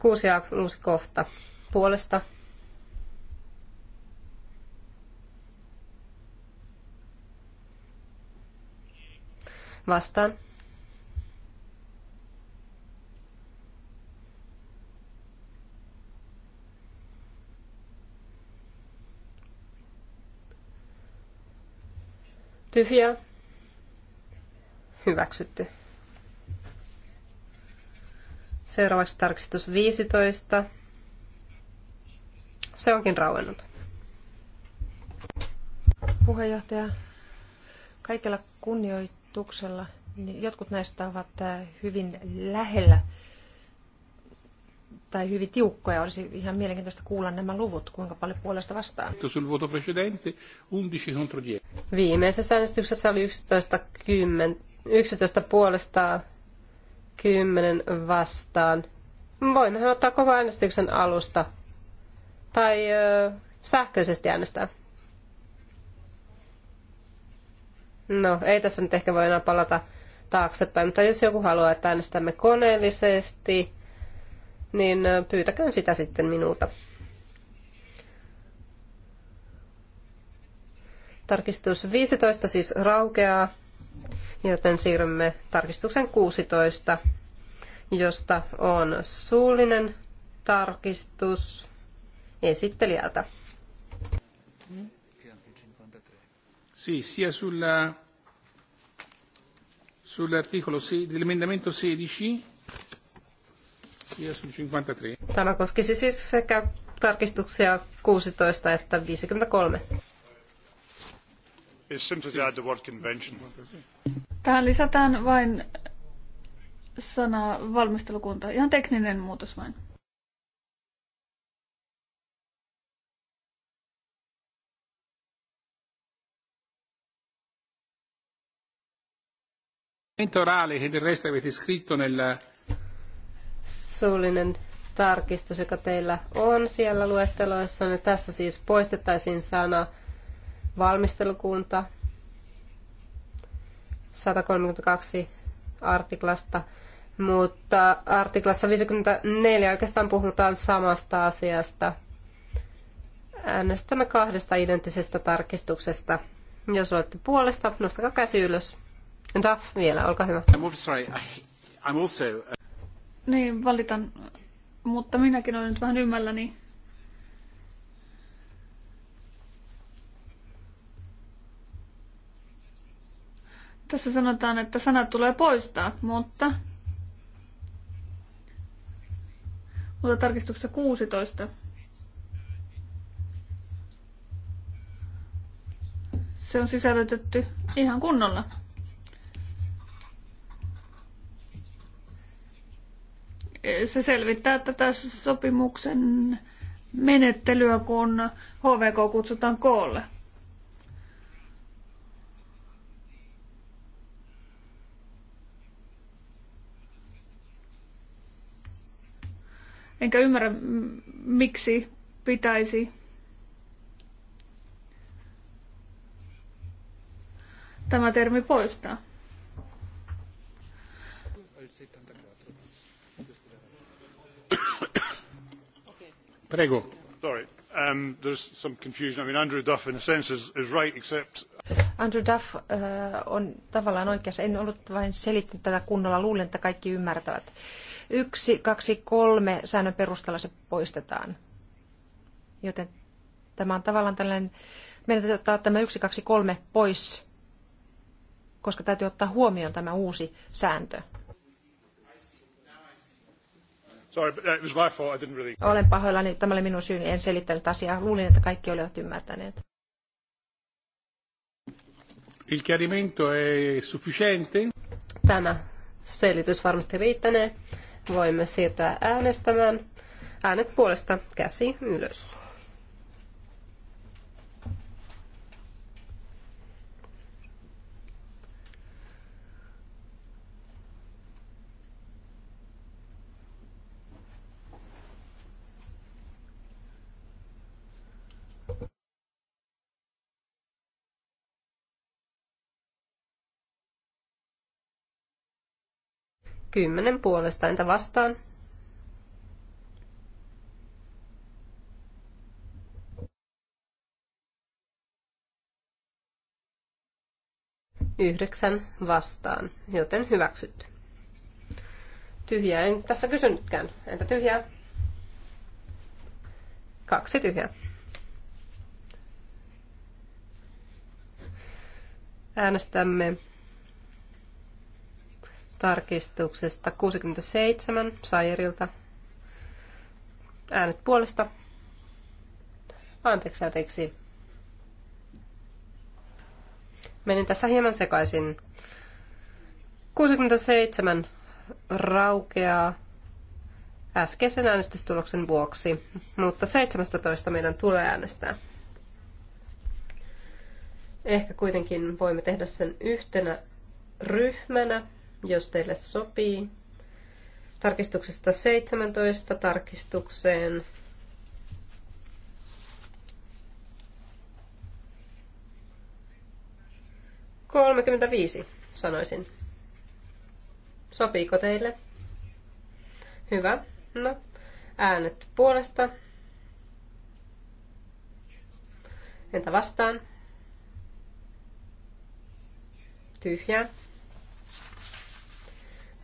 Kuusi ja uusi kohta puolesta vastaan. Tyhjää. Hyväksytty. Seuraavaksi tarkistus 15. Se onkin rauennut. Puheenjohtaja, kaikella kunnioit asetuksella, niin jotkut näistä ovat äh, hyvin lähellä tai hyvin tiukkoja. Olisi ihan mielenkiintoista kuulla nämä luvut, kuinka paljon puolesta vastaan. Viimeisessä äänestyksessä oli 11, 10, 11 puolesta 10 vastaan. Voimmehan ottaa koko äänestyksen alusta tai ö, sähköisesti äänestää. No, ei tässä nyt ehkä voi enää palata taaksepäin, mutta jos joku haluaa, että äänestämme koneellisesti, niin pyytäköön sitä sitten minulta. Tarkistus 15 siis raukeaa, joten siirrymme tarkistuksen 16, josta on suullinen tarkistus esittelijältä. Sì, sia sulla sull'articolo dell'emendamento 16 sia sul 53. Tämä koskisi siis sekä tarkistuksia 16 että 53. Tähän lisätään vain sana valmistelukunta. Ihan tekninen muutos vain. orale, che del resto avete scritto Suullinen tarkistus, joka teillä on siellä luetteloissa. Ja tässä siis poistettaisiin sana valmistelukunta 132 artiklasta, mutta artiklassa 54 oikeastaan puhutaan samasta asiasta. Äänestämme kahdesta identtisestä tarkistuksesta. Jos olette puolesta, nostakaa käsi ylös. Duff vielä, olkaa hyvä. I'm sorry, I'm also... Uh, niin, valitan. Mutta minäkin olen nyt vähän ymmälläni. Tässä sanotaan, että sanat tulee poistaa, mutta... Mutta tarkistuksessa 16. Se on sisällytetty ihan kunnolla. se selvittää tätä sopimuksen menettelyä, kun HVK kutsutaan koolle. Enkä ymmärrä, miksi pitäisi tämä termi poistaa. Prego. Sorry. Um, some confusion. I mean, Andrew Duff in a sense is, is right, except... Andrew Duff äh, on tavallaan oikeassa. En ollut vain selittänyt tätä kunnolla. Luulen, että kaikki ymmärtävät. Yksi, kaksi, kolme säännön perusteella se poistetaan. Joten tämä on tavallaan tällainen... Meidän täytyy ottaa tämä yksi, kaksi, kolme pois, koska täytyy ottaa huomioon tämä uusi sääntö. Olen pahoillani, tämä oli minun syyni, en selittänyt asiaa. Luulin, että kaikki olivat ymmärtäneet. Il chiarimento è sufficiente? Tämä selitys varmasti riittänee. Voimme siirtyä äänestämään. Äänet puolesta käsi ylös. Kymmenen puolesta, entä vastaan? Yhdeksän vastaan, joten hyväksytty. Tyhjää en tässä kysynytkään. Entä tyhjää? Kaksi tyhjää. Äänestämme tarkistuksesta 67 Sairilta. Äänet puolesta. Anteeksi, anteeksi. Menin tässä hieman sekaisin. 67 raukeaa äskeisen äänestystuloksen vuoksi, mutta 17 meidän tulee äänestää. Ehkä kuitenkin voimme tehdä sen yhtenä ryhmänä jos teille sopii. Tarkistuksesta 17 tarkistukseen Kolmekymmentäviisi, sanoisin. Sopiiko teille? Hyvä. No, äänet puolesta. Entä vastaan? Tyhjää.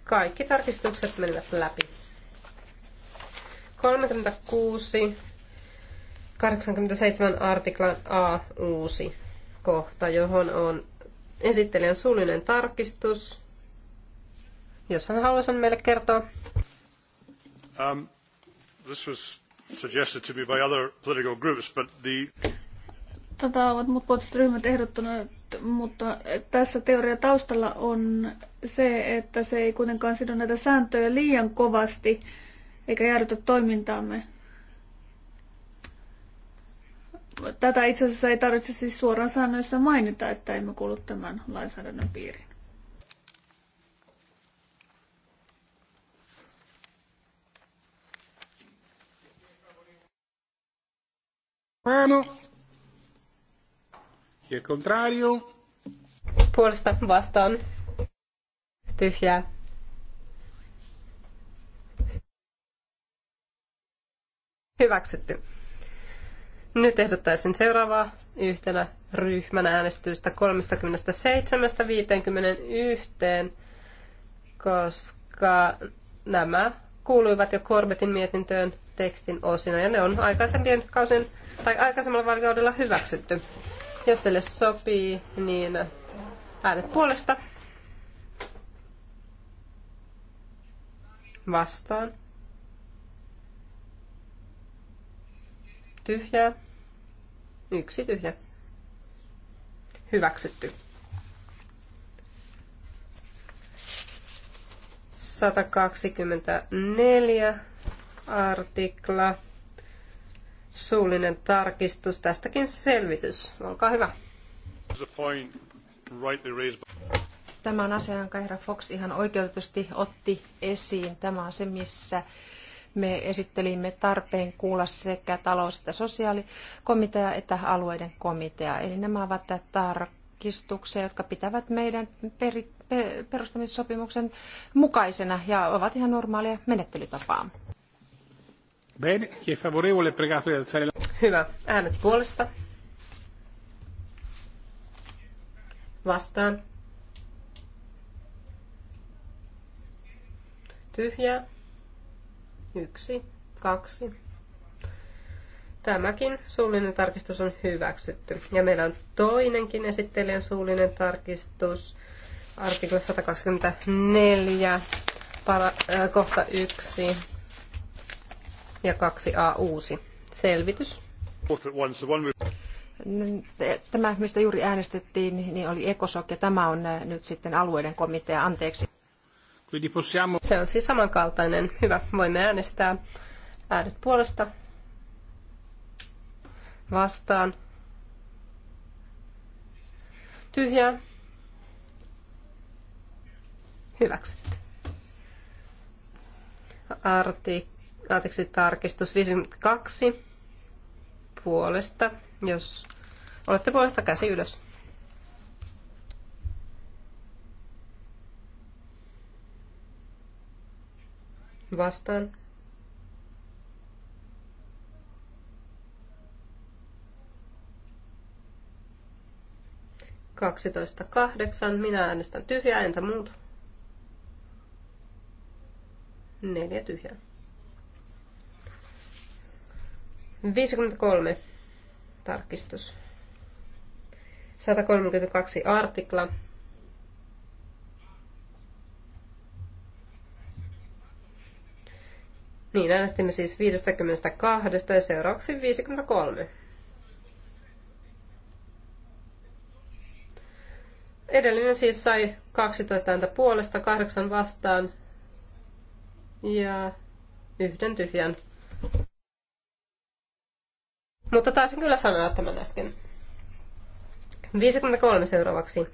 Kaikki tarkistukset menivät läpi. 36, 87 artiklan A uusi kohta, johon on esittelijän suullinen tarkistus. Jos hän haluaa sen meille kertoa. Um, this was suggested to me by other political groups, but the... Tätä ovat muut poliittiset ryhmät ehdottaneet, mutta tässä teoria taustalla on se, että se ei kuitenkaan sido näitä sääntöjä liian kovasti eikä jäädytä toimintaamme. Tätä itse asiassa ei tarvitse siis suoraan säännöissä mainita, että emme kuulu tämän lainsäädännön piiriin. Bueno, Chi è contrario? Puolesta vastaan. Tyhjää. Hyväksytty. Nyt ehdottaisin seuraavaa yhtenä ryhmänä äänestystä 37-51, koska nämä kuuluivat jo korbetin mietintöön tekstin osina ja ne on aikaisempien kausien tai aikaisemmalla vaalikaudella hyväksytty. Jos teille sopii, niin äänet puolesta. Vastaan. Tyhjää. Yksi tyhjä. Hyväksytty. 124 artikla suullinen tarkistus. Tästäkin selvitys. Olkaa hyvä. Tämä on asia, jonka herra Fox ihan oikeutetusti otti esiin. Tämä on se, missä me esittelimme tarpeen kuulla sekä talous- että sosiaalikomitea että alueiden komitea. Eli nämä ovat tarkistuksia, jotka pitävät meidän peri- perustamissopimuksen mukaisena ja ovat ihan normaalia menettelytapaa. Bene, chi è favorevole è pregato di alzare la... Hyvä. Äänet puolesta. Vastaan. Tyhjä. Yksi, kaksi. Tämäkin suullinen tarkistus on hyväksytty. Ja meillä on toinenkin esittelijän suullinen tarkistus. Artikla 124, para, äh, kohta 1 ja 2a uusi. Selvitys. Tämä, mistä juuri äänestettiin, niin oli ekosok ja tämä on äh, nyt sitten alueiden komitea. Anteeksi. Se on siis samankaltainen. Hyvä. Voimme äänestää äänet puolesta vastaan. Tyhjää. Hyväksytty. Artik anteeksi, tarkistus 52 puolesta, jos olette puolesta käsi ylös. Vastaan. Kaksitoista kahdeksan. Minä äänestän tyhjää, entä muut? Neljä tyhjää. 53 tarkistus. 132 artikla. Niin, äänestimme siis 52 ja seuraavaksi 53. Edellinen siis sai 12 ääntä puolesta, 8 vastaan ja yhden tyhjän mutta taisin kyllä sanoa tämän äsken. 53 seuraavaksi.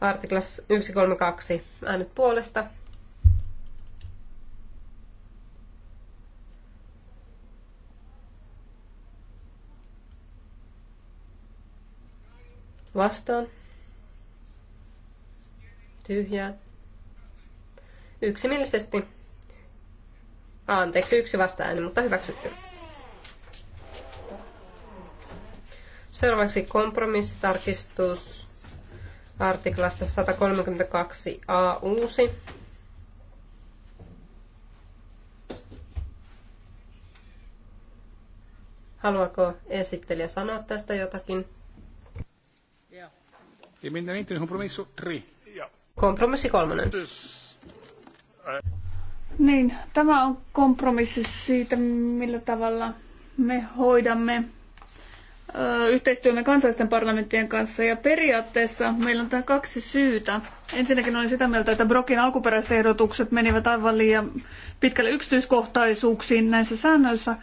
Artiklas 132. Äänet puolesta. Vastaan. Tyhjää. Yksimielisesti. Anteeksi, yksi vasta mutta hyväksytty. Seuraavaksi kompromissitarkistus artiklasta 132a uusi. Haluaako esittelijä sanoa tästä jotakin? 3. Kompromissi kolmonen. Uh, niin, tämä on kompromissi siitä, millä tavalla me hoidamme yhteistyömme kansallisten parlamenttien kanssa ja periaatteessa meillä on tähän kaksi syytä. Ensinnäkin olen sitä mieltä, että Brokin alkuperäiset ehdotukset menivät aivan liian pitkälle yksityiskohtaisuuksiin näissä säännöissä.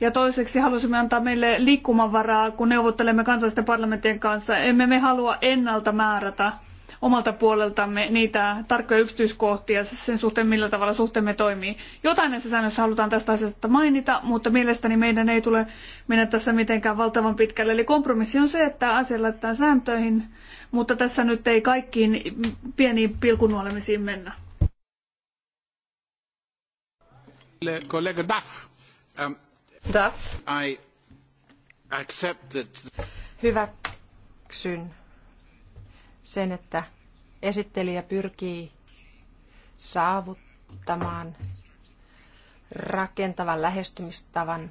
Ja toiseksi halusimme antaa meille liikkumavaraa, kun neuvottelemme kansallisten parlamenttien kanssa. Emme me halua ennalta määrätä omalta puoleltamme niitä tarkkoja yksityiskohtia sen suhteen, millä tavalla suhteemme toimii. Jotain näissä säännöissä halutaan tästä asiasta mainita, mutta mielestäni meidän ei tule mennä tässä mitenkään valtavan pitkälle. Eli kompromissi on se, että asia laittaa sääntöihin, mutta tässä nyt ei kaikkiin pieniin pilkunuolemisiin mennä. Kollega Duff. Um, Duff. I accept that... Hyväksyn sen, että esittelijä pyrkii saavuttamaan rakentavan lähestymistavan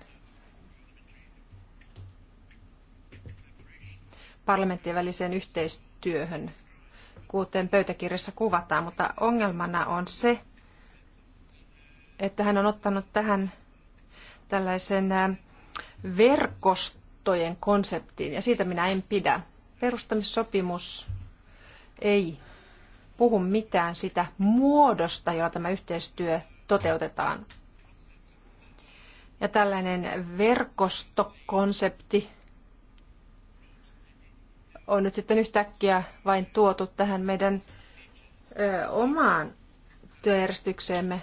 parlamenttien väliseen yhteistyöhön, kuten pöytäkirjassa kuvataan, mutta ongelmana on se, että hän on ottanut tähän tällaisen verkostojen konseptin, ja siitä minä en pidä. Perustamissopimus ei puhu mitään sitä muodosta, jolla tämä yhteistyö toteutetaan. Ja tällainen verkostokonsepti on nyt sitten yhtäkkiä vain tuotu tähän meidän ö, omaan työjärjestykseemme.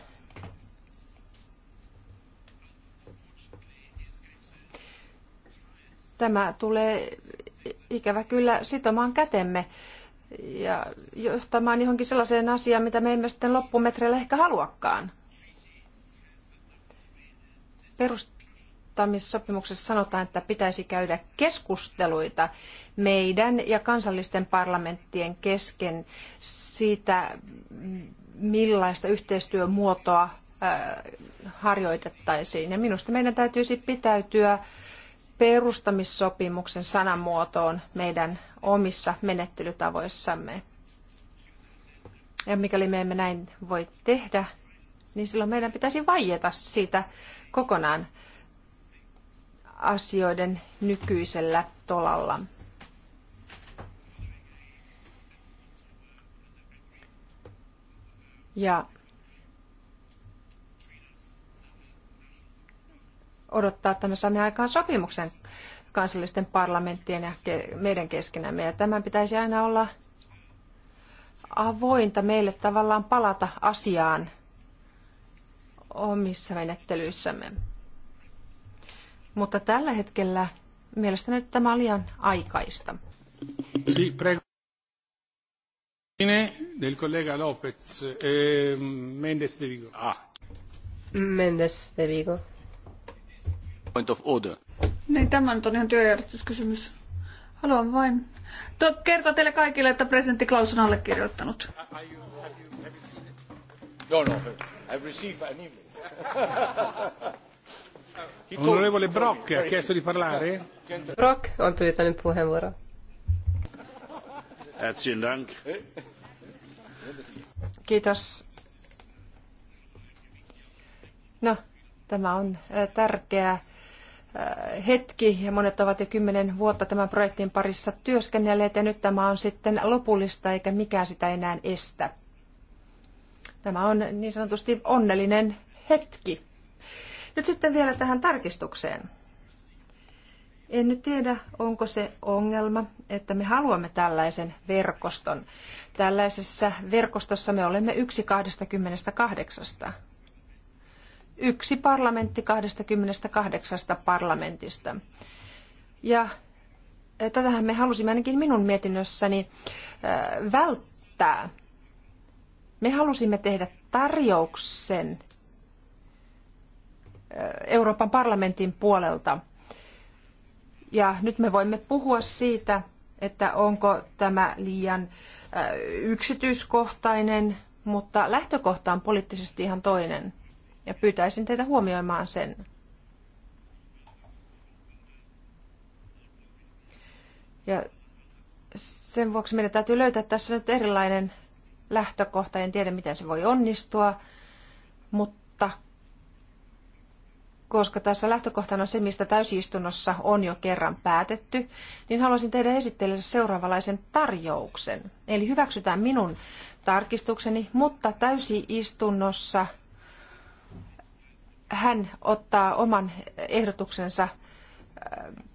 Tämä tulee ikävä kyllä sitomaan kätemme ja johtamaan johonkin sellaiseen asiaan, mitä me emme sitten loppumetreillä ehkä haluakaan. Perustamissopimuksessa sanotaan, että pitäisi käydä keskusteluita meidän ja kansallisten parlamenttien kesken siitä, millaista yhteistyömuotoa harjoitettaisiin. Ja minusta meidän täytyisi pitäytyä perustamissopimuksen sanamuotoon meidän omissa menettelytavoissamme. Ja mikäli me emme näin voi tehdä, niin silloin meidän pitäisi vaieta siitä kokonaan asioiden nykyisellä tolalla. Ja odottaa, että me saamme aikaan sopimuksen kansallisten parlamenttien ja meidän keskenämme. Ja tämän pitäisi aina olla avointa meille tavallaan palata asiaan omissa menettelyissämme. Mutta tällä hetkellä mielestäni nyt tämä on liian aikaista. Si, del collega Lopez, ehm, Mendes de Vigo. Ah. Mendes de Vigo. Point of order. Niin, tämä nyt on ihan työjärjestyskysymys. Haluan vain to- kertoa teille kaikille, että presidentti Klaus on allekirjoittanut. No, no Onorevole Brock ha chiesto di parlare? Brock on pyytänyt puheenvuoroa. Herzlichen Dank. Kiitos. No, tämä on eh, tärkeää hetki ja monet ovat jo kymmenen vuotta tämän projektin parissa työskennelleet ja nyt tämä on sitten lopullista eikä mikään sitä enää estä. Tämä on niin sanotusti onnellinen hetki. Nyt sitten vielä tähän tarkistukseen. En nyt tiedä, onko se ongelma, että me haluamme tällaisen verkoston. Tällaisessa verkostossa me olemme yksi 28 yksi parlamentti 28 parlamentista. Ja eh, tätähän me halusimme ainakin minun mietinnössäni eh, välttää. Me halusimme tehdä tarjouksen eh, Euroopan parlamentin puolelta. Ja nyt me voimme puhua siitä, että onko tämä liian yksityiskohtainen, mutta lähtökohta on poliittisesti ihan toinen. Ja pyytäisin teitä huomioimaan sen. Ja sen vuoksi meidän täytyy löytää tässä nyt erilainen lähtökohta. En tiedä, miten se voi onnistua, mutta koska tässä lähtökohtana on se, mistä täysistunnossa on jo kerran päätetty, niin haluaisin tehdä esittelijälle seuraavanlaisen tarjouksen. Eli hyväksytään minun tarkistukseni, mutta täysistunnossa hän ottaa oman ehdotuksensa äh,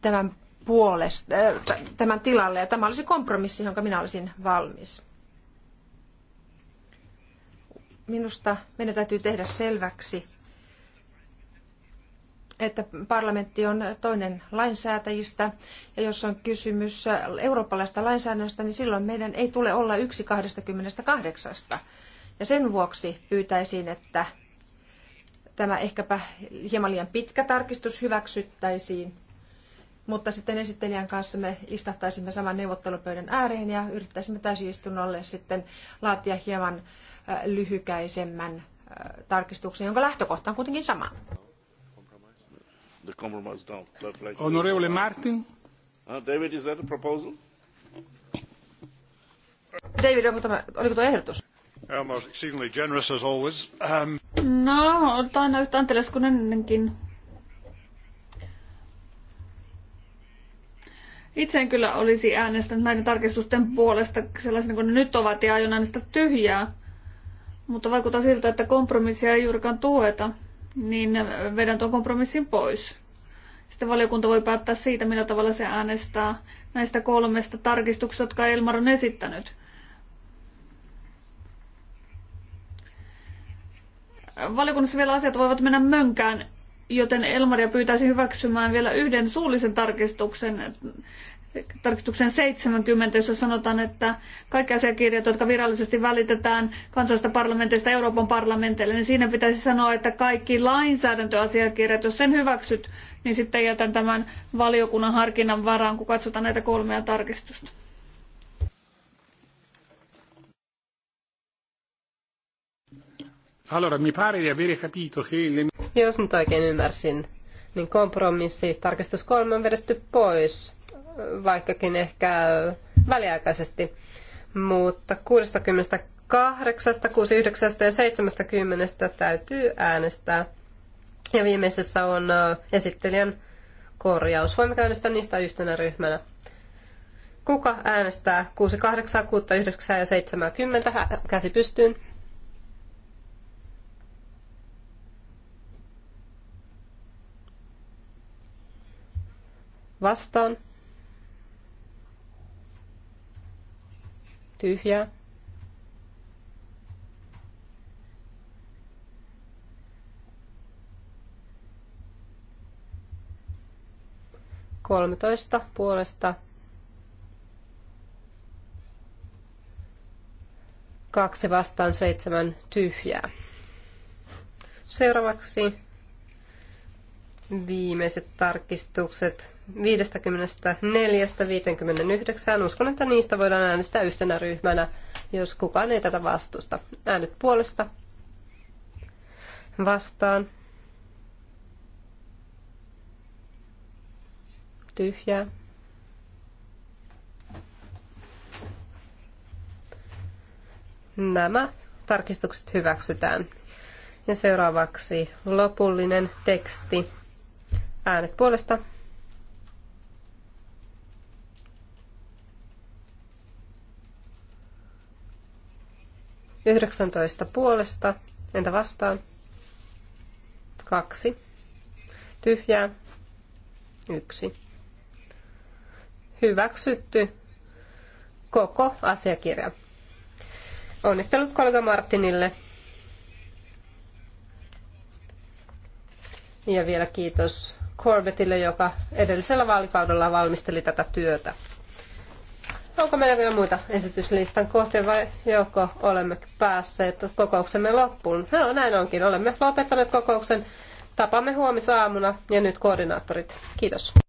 tämän, puolesta, äh, tämän tilalle. Ja tämä olisi kompromissi, jonka minä olisin valmis. Minusta meidän täytyy tehdä selväksi, että parlamentti on toinen lainsäätäjistä ja jos on kysymys eurooppalaista lainsäädännöstä, niin silloin meidän ei tule olla yksi 28. Ja sen vuoksi pyytäisin, että tämä ehkäpä hieman liian pitkä tarkistus hyväksyttäisiin, mutta sitten esittelijän kanssa me istahtaisimme saman neuvottelupöydän ääreen ja yrittäisimme täysistunnolle sitten laatia hieman lyhykäisemmän tarkistuksen, jonka lähtökohta on kuitenkin sama. Honorable Martin. Uh, David, is that a proposal? David, oliko tuo ehdotus? exceedingly generous as always. Um... No, olet aina yhtä antelias kuin ennenkin. Itse en kyllä olisi äänestänyt näiden tarkistusten puolesta sellaisena kuin ne nyt ovat ja aion äänestää tyhjää. Mutta vaikuttaa siltä, että kompromissia ei juurikaan tueta, niin vedän tuon kompromissin pois. Sitten valiokunta voi päättää siitä, millä tavalla se äänestää näistä kolmesta tarkistuksesta, jotka Elmar on esittänyt. valiokunnassa vielä asiat voivat mennä mönkään, joten Elmaria pyytäisi hyväksymään vielä yhden suullisen tarkistuksen, tarkistuksen 70, jossa sanotaan, että kaikki asiakirjat, jotka virallisesti välitetään kansallisesta parlamentista Euroopan parlamentille, niin siinä pitäisi sanoa, että kaikki lainsäädäntöasiakirjat, jos sen hyväksyt, niin sitten jätän tämän valiokunnan harkinnan varaan, kun katsotaan näitä kolmea tarkistusta. Allora, mi pare di avere capito che le... Niin, jos nyt oikein ymmärsin, niin kompromissi tarkistus kolme on vedetty pois, vaikkakin ehkä väliaikaisesti. Mutta 68, 69 ja 70 täytyy äänestää. Ja viimeisessä on esittelijän korjaus. Voimme käynnistää niistä yhtenä ryhmänä. Kuka äänestää 68, 69 ja 70? Käsi pystyyn. vastaan. Tyhjää. Kolmetoista puolesta. Kaksi vastaan seitsemän tyhjää. Seuraavaksi viimeiset tarkistukset 54-59. Uskon, että niistä voidaan äänestää yhtenä ryhmänä, jos kukaan ei tätä vastusta. Äänet puolesta vastaan. Tyhjää. Nämä tarkistukset hyväksytään. Ja seuraavaksi lopullinen teksti Äänet puolesta. Yhdeksäntoista puolesta. Entä vastaan? Kaksi. Tyhjää. Yksi. Hyväksytty koko asiakirja. Onnittelut kollega Martinille. Ja vielä kiitos Corbettille, joka edellisellä vaalikaudella valmisteli tätä työtä. Onko meillä vielä muita esityslistan kohtia vai joko olemme päässeet kokouksemme loppuun? No näin onkin, olemme lopettaneet kokouksen. Tapaamme huomisaamuna ja nyt koordinaattorit. Kiitos.